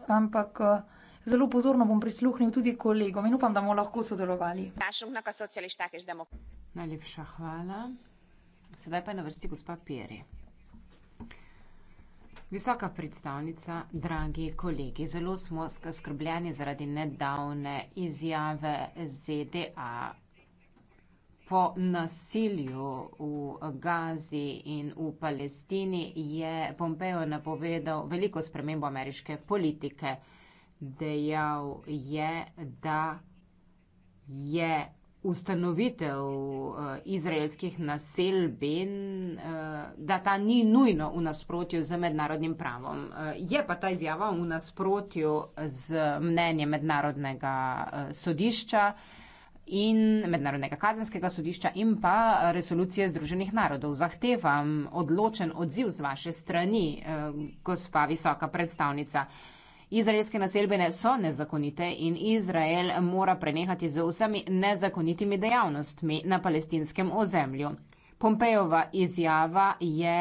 Ampak uh, zelo pozorno bom prisluhnil tudi kolegom in upam, da bomo lahko sodelovali. Najlepša hvala. Sedaj pa je na vrsti gospa Pieri. Visoka predstavnica, dragi kolegi, zelo smo skrbljeni zaradi nedavne izjave ZDA po nasilju v Gazi in v Palestini je Pompeo napovedal veliko spremembo ameriške politike. Dejal je, da je ustanovitev eh, izraelskih naselbin, eh, da ta ni nujno v nasprotju z mednarodnim pravom. Eh, je pa ta izjava v nasprotju z mnenjem mednarodnega sodišča in mednarodnega kazenskega sodišča in pa resolucije Združenih narodov. Zahtevam odločen odziv z vaše strani, gospa visoka predstavnica. Izraelske naselbene so nezakonite in Izrael mora prenehati z vsemi nezakonitimi dejavnostmi na palestinskem ozemlju. Pompejova izjava je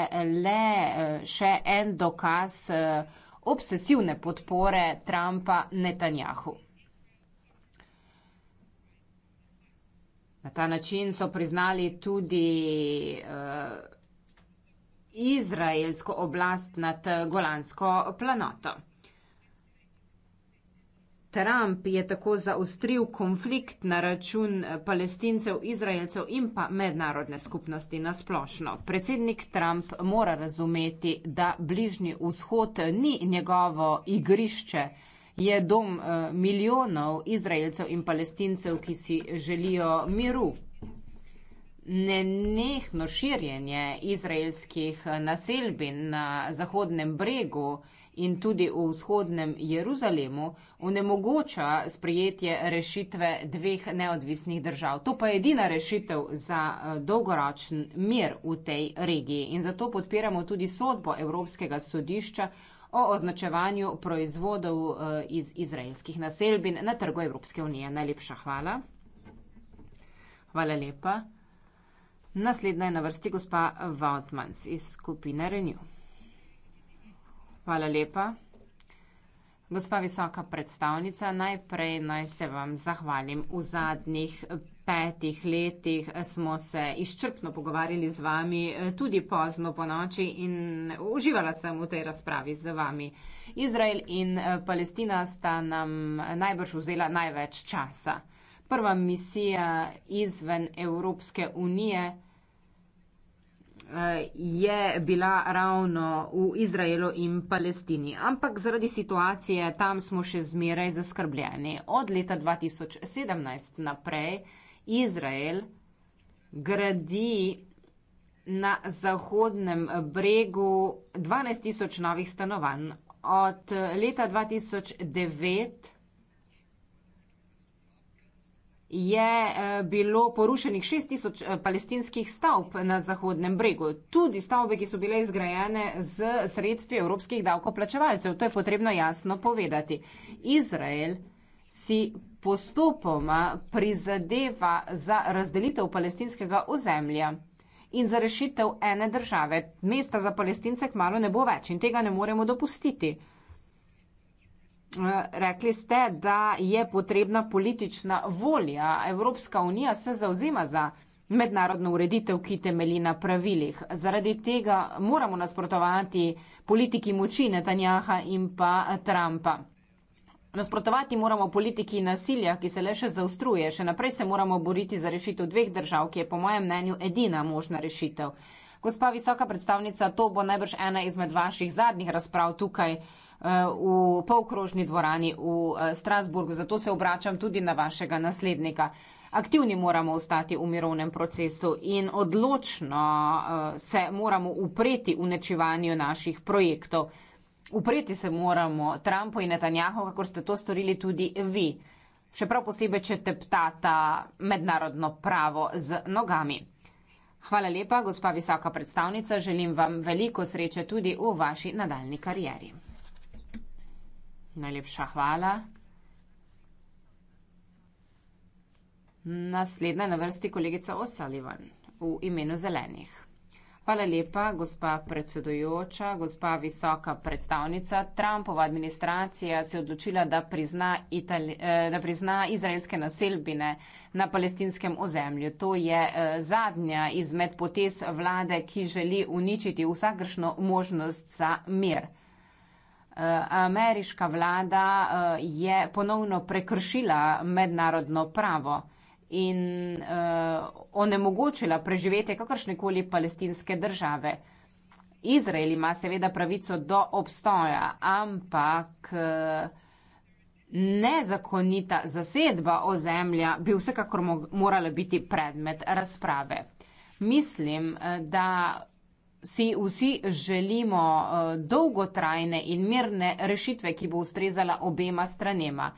le eh, še en dokaz eh, obsesivne podpore Trumpa Netanjahu. Na ta način so priznali tudi uh, izraelsko oblast nad Golansko planoto. Trump je tako zaostril konflikt na račun eh, palestincev, izraelcev in pa mednarodne skupnosti na splošno. Predsednik Trump mora razumeti, da Bližnji vzhod ni njegovo igrišče, je dom eh, milijonov izraelcev in palestincev, ki si želijo miru. Nenehno širjenje izraelskih naselbin na Zahodnem bregu in tudi v vzhodnem Jeruzalemu onemogoča sprejetje rešitve dveh neodvisnih držav. To pa je edina rešitev za eh, dolgoročen mir v tej regiji in zato podpiramo tudi sodbo Evropskega sodišča o označevanju proizvodov eh, iz izraelskih naselbin na trgu Evropske unije. Najlepša hvala. Hvala lepa. Naslednja je na vrsti gospa Vautmans iz skupine Renew. Hvala lepa. Gospa visoka predstavnica, najprej naj se vam zahvalim. V zadnjih petih letih smo se izčrpno pogovarjali z vami, tudi pozno po noči in uživala sem v tej razpravi z vami. Izrael in Palestina sta nam najbrž vzela največ časa. Prva misija izven Evropske unije Eh, je bila ravno v Izraelu in Palestini. Ampak zaradi situacije tam smo še zmeraj zaskrbljeni. Od leta 2017 naprej Izrael gradi na zahodnem bregu 12 tisoč novih stanovanj. Od leta 2009 je eh, bilo porušenih 6 tisoč eh, palestinskih stavb na Zahodnem bregu. Tudi stavbe, ki so bile izgrajene z sredstvi evropskih davkoplačevalcev. To je potrebno jasno povedati. Izrael si postopoma prizadeva za razdelitev palestinskega ozemlja in za rešitev ene države. Mesta za palestince kmalo ne bo več in tega ne moremo dopustiti. Eh, rekli ste, da je potrebna politična volja. Evropska unija se zauzema za mednarodno ureditev, ki temelji na pravilih. Zaradi tega moramo nasprotovati politiki moči Netanjaha in pa Trumpa. Nasprotovati moramo politiki nasilja, ki se le še zaustruje. Še naprej se moramo boriti za rešitev dveh držav, ki je po mojem mnenju edina možna rešitev. Gospa visoka predstavnica, to bo najbrž ena izmed vaših zadnjih razprav tukaj. Eh, v polkrožni dvorani v eh, Strasburg. Zato se obračam tudi na vašega naslednika. Aktivni moramo ostati v mirovnem procesu in odločno eh, se moramo upreti v nečivanju naših projektov. Upreti se moramo Trumpu in Netanjahu, kako ste to storili tudi vi. Še prav posebej, če teptata mednarodno pravo z nogami. Hvala lepa, gospa visoka predstavnica, želim vam veliko sreče tudi v vaši nadaljni karieri. Najlepša hvala. Naslednja je na vrsti kolegica Osalivan v imenu zelenih. Hvala lepa, gospa predsedujoča, gospa visoka predstavnica. Trumpova administracija se je odločila, da prizna, Itali, eh, da prizna izraelske naselbine na palestinskem ozemlju. To je eh, zadnja izmed potez vlade, ki želi uničiti vsakršno možnost za mir. Eh, ameriška vlada eh, je ponovno prekršila mednarodno pravo in eh, onemogočila preživetje kakršnekoli palestinske države. Izrael ima seveda pravico do obstoja, ampak nezakonita zasedba ozemlja bi vsekakor morala biti predmet razprave. Mislim, da si vsi želimo eh, dolgotrajne in mirne rešitve, ki bo ustrezala obema stranema.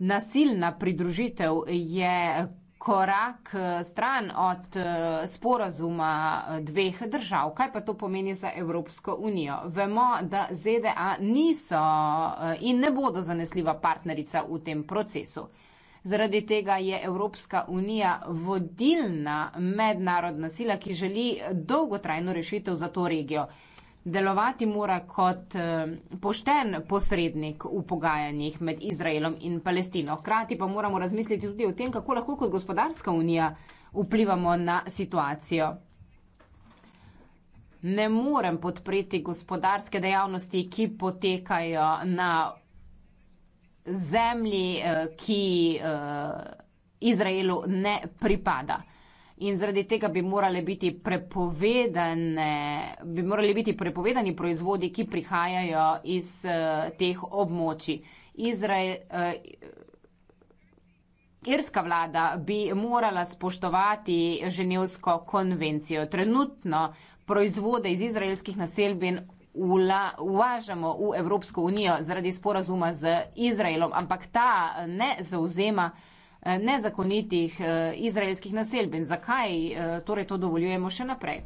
Nasilna pridružitev je korak eh, stran od eh, sporazuma dveh držav. Kaj pa to pomeni za Evropsko unijo? Vemo, da ZDA niso in ne bodo zanesljiva partnerica v tem procesu. Zaradi tega je Evropska unija vodilna mednarodna sila, ki želi dolgotrajno rešitev za to regijo. Delovati mora kot eh, pošten posrednik v pogajanjih med Izraelom in Palestino. Hkrati pa moramo razmisliti tudi o tem, kako lahko kot gospodarska unija vplivamo na situacijo. Ne morem podpreti gospodarske dejavnosti, ki potekajo na zemlji, eh, ki eh, Izraelu ne pripada. In zaradi tega bi morali biti prepovedane, bi morali biti prepovedani proizvodi, ki prihajajo iz eh, teh območij. Izrael, Irska vlada bi morala spoštovati ženevsko konvencijo. Trenutno proizvode iz izraelskih naselbin uvažamo v Evropsko unijo zaradi sporazuma z Izraelom, ampak ta eh, ne zauzema eh, nezakonitih eh, izraelskih naselbin. Zakaj torej to dovoljujemo še naprej?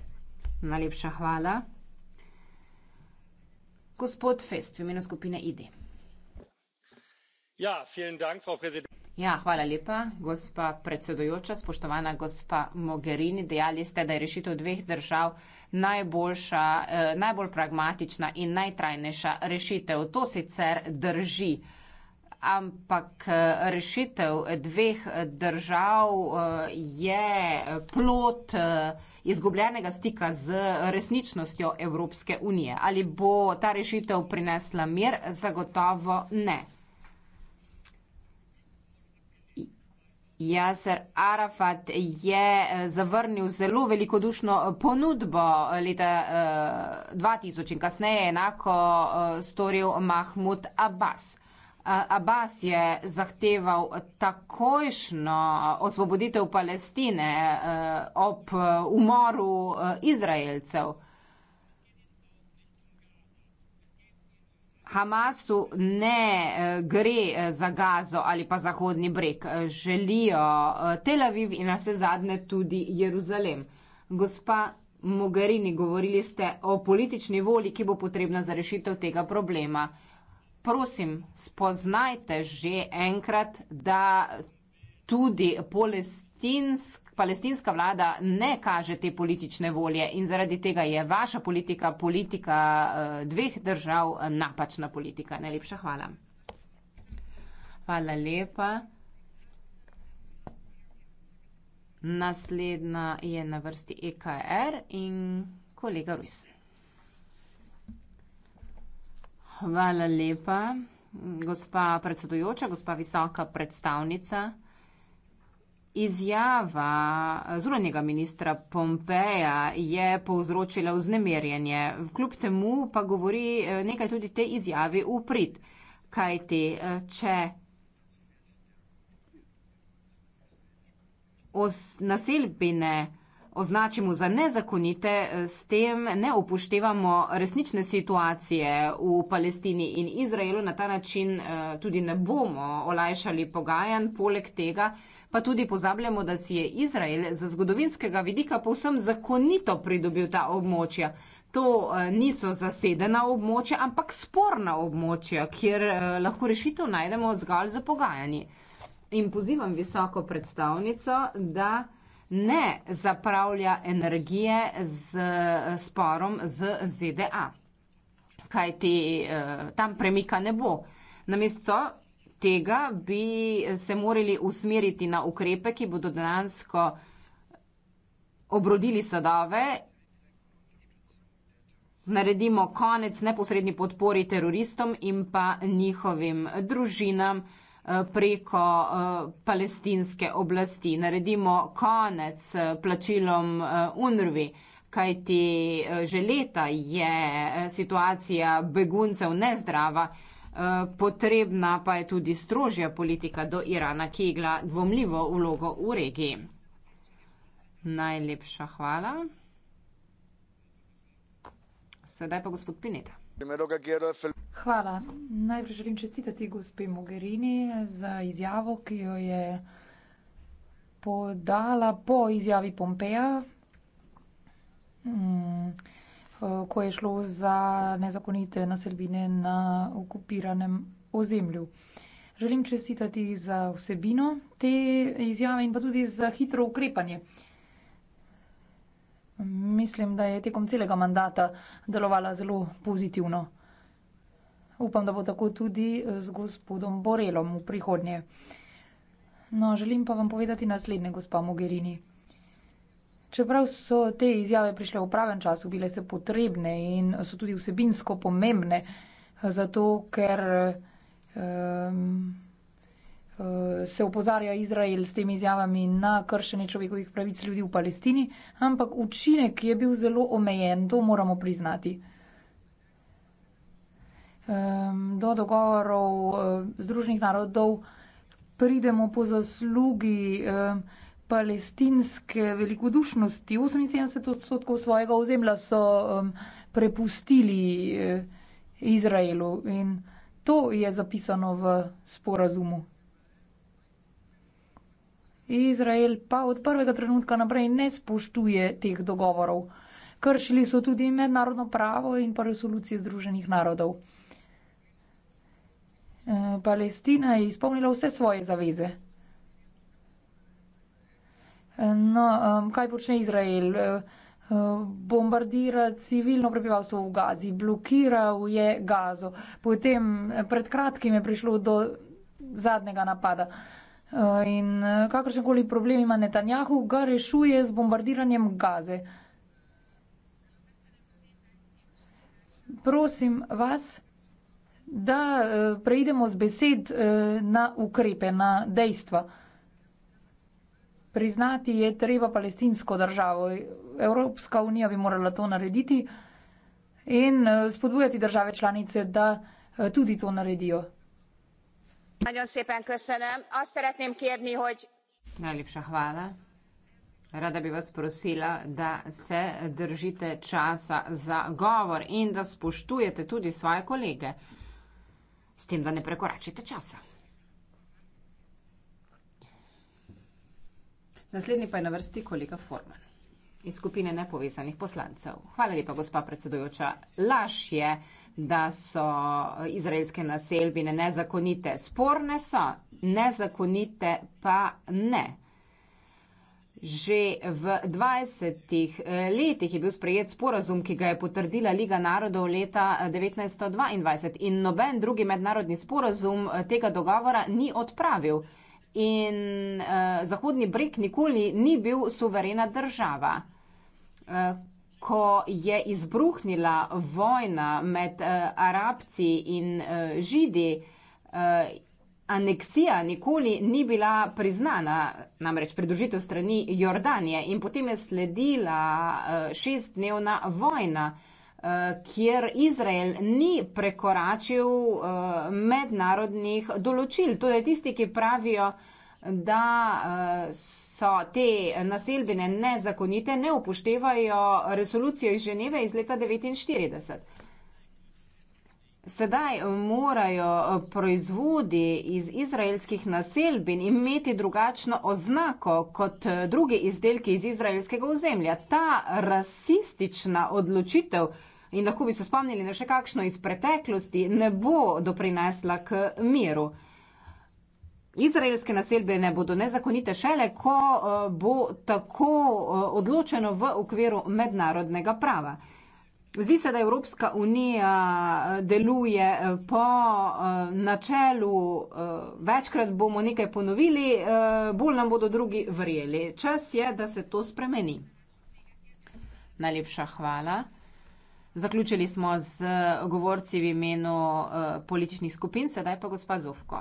Najlepša hvala. Gospod Fest, v imenu skupine ID. Ja, dank, Ja, hvala lepa, gospa predsedujoča, spoštovana gospa Mogherini. Dejali ste, da je rešitev dveh držav najboljša, eh, najbolj pragmatična in najtrajnejša rešitev. To sicer drži. Ampak eh, rešitev dveh držav eh, je plot eh, izgubljenega stika z resničnostjo Evropske unije. Ali bo ta rešitev prinesla mir? Zagotovo ne. Jaser Arafat je eh, zavrnil zelo velikodušno ponudbo leta 2000 eh, in kasneje enako eh, storil Mahmud Abbas. Abbas je zahteval takojšno osvoboditev Palestine ob umoru Izraelcev. Hamasu ne eh, gre eh, za Gazo ali pa Zahodni breg, eh, želijo Tel Aviv in na vse zadnje tudi Jeruzalem. Gospa Mogherini, govorili ste o politični voli, ki bo potrebna za rešitev tega problema. Prosim, spoznajte že enkrat, da tudi palestinska palestinska vlada ne kaže te politične volje in zaradi tega je vaša politika, politika eh, dveh držav, eh, napačna politika. Najlepša hvala. Hvala lepa. Naslednja je na vrsti EKR in kolega Ruiz. Hvala lepa, gospa predsedujoča, gospa visoka predstavnica. Izjava eh, zunanjega ministra Pompeja je povzročila vznemirjenje, kljub temu pa govori eh, nekaj tudi te izjavi v prid. Kaj ti, eh, če os, naselbine označimo za nezakonite, s tem ne upoštevamo resnične situacije v Palestini in Izraelu, na ta način tudi ne bomo olajšali pogajanj, poleg tega pa tudi pozabljamo, da si je Izrael z zgodovinskega vidika povsem zakonito pridobil ta območja. To eh, niso zasedena območja, ampak sporna območja, kjer eh, lahko rešitev najdemo zgolj za pogajanje. In pozivam visoko predstavnico, da ne zapravlja energije z eh, sporom z ZDA, kaj ti tam premika ne bo. Namesto tega bi se morali usmeriti na ukrepe, ki bodo dejansko obrodili sadove. Naredimo konec neposredni podpori teroristom in pa njihovim družinam eh, preko eh, palestinske oblasti. Naredimo konec eh, plačilom UNRVI, kajti že leta je situacija beguncev nezdrava. Eh, potrebna pa je tudi strožja politika do Irana, ki igra dvomljivo vlogo v regiji. Najlepša hvala. Sedaj pa gospod Pineta. Hvala. Najprej želim čestitati gospe Mogherini za izjavo, ki jo je podala po izjavi Pompeja. Mm. Eh, ko je šlo za nezakonite naselbine na okupiranem ozemlju. Želim čestitati za vsebino te izjave in pa tudi za hitro ukrepanje. Mislim, da je tekom celega mandata delovala zelo pozitivno. Upam, da bo tako tudi eh, z gospodom Borelom v prihodnje. No, želim pa vam povedati naslednje, gospa Mogherini. Čeprav so te izjave prišle v pravem času, bile so potrebne in so tudi vsebinsko pomembne, zato ker um, se opozarja Izrael s temi izjavami na kršene človekovih pravic ljudi v Palestini, ampak učinek je bil zelo omejen, to moramo priznati. Um, do dogovorov um, Združenih narodov pridemo po zaslugi. Um, palestinske velikodušnosti, 78 odstotkov svojega ozemlja so um, prepustili eh, Izraelu in to je zapisano v sporazumu. Izrael pa od prvega trenutka naprej ne spoštuje teh dogovorov. Kršili so tudi mednarodno pravo in pa resolucije Združenih narodov. E, Palestina je izpolnila vse svoje zaveze. No, um, kaj počne Izrael? Uh, bombardira civilno prebivalstvo v Gazi, blokiral je Gazo. Potem eh, pred kratkim je prišlo do zadnjega napada. Uh, in eh, kakršenkoli problem ima Netanjahu, ga rešuje z bombardiranjem Gaze. Prosim vas, da eh, preidemo z besed na ukrepe, na dejstva priznati je treba palestinsko državo. Evropska unija bi morala to narediti in eh, spodbujati države članice, da eh, tudi to naredijo. Najlepša hvala. Rada bi vas prosila, da se držite časa za govor in da spoštujete tudi svoje kolege, s tem, da ne prekoračite časa. Naslednji pa je na vrsti kolega Forman iz skupine nepovezanih poslancev. Hvala lepa, gospa predsedujoča. Laž je, da so eh, izraelske naselbine nezakonite. Sporne so, nezakonite pa ne. Že v 20 eh, letih je bil sprejet sporazum, ki ga je potrdila Liga narodov leta 1922 eh, in noben drugi mednarodni sporazum tega dogovora ni odpravil in uh, Zahodni breg nikoli ni bil suverena država. Uh, ko je izbruhnila vojna med uh, Arabci in uh, Židi, uh, aneksija nikoli ni bila priznana, namreč pridružitev strani Jordanije in potem je sledila uh, šestdnevna vojna. Uh, kjer Izrael ni prekoračil eh, mednarodnih določil. Tudi torej, tisti, ki pravijo, da eh, so te naselbine nezakonite, ne upoštevajo resolucijo iz Ženeve iz leta 1949. Sedaj morajo eh, proizvodi iz izraelskih naselbin imeti drugačno oznako kot drugi izdelki iz izraelskega ozemlja. Ta rasistična odločitev in lahko bi se spomnili na še kakšno iz preteklosti, ne bo doprinesla k miru. Izraelske naselbe ne bodo nezakonite šele, ko eh, bo tako eh, odločeno v okviru mednarodnega prava. Zdi se, da Evropska unija eh, deluje po načelu, večkrat bomo nekaj ponovili, bolj nam bodo drugi verjeli. Čas je, da se to spremeni. Najlepša hvala. Zaključili smo z eh, govorci v imenu eh, političnih skupin, sedaj pa gospa Zovko.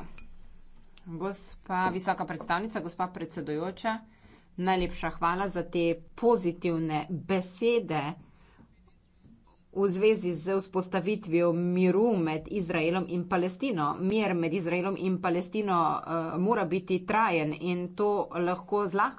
Gospa visoka predstavnica, gospa predsedujoča, najlepša hvala za te pozitivne besede v zvezi z vzpostavitvijo miru med Izraelom in Palestino. Mir med Izraelom in Palestino uh, mora biti trajen in to lahko zlahka.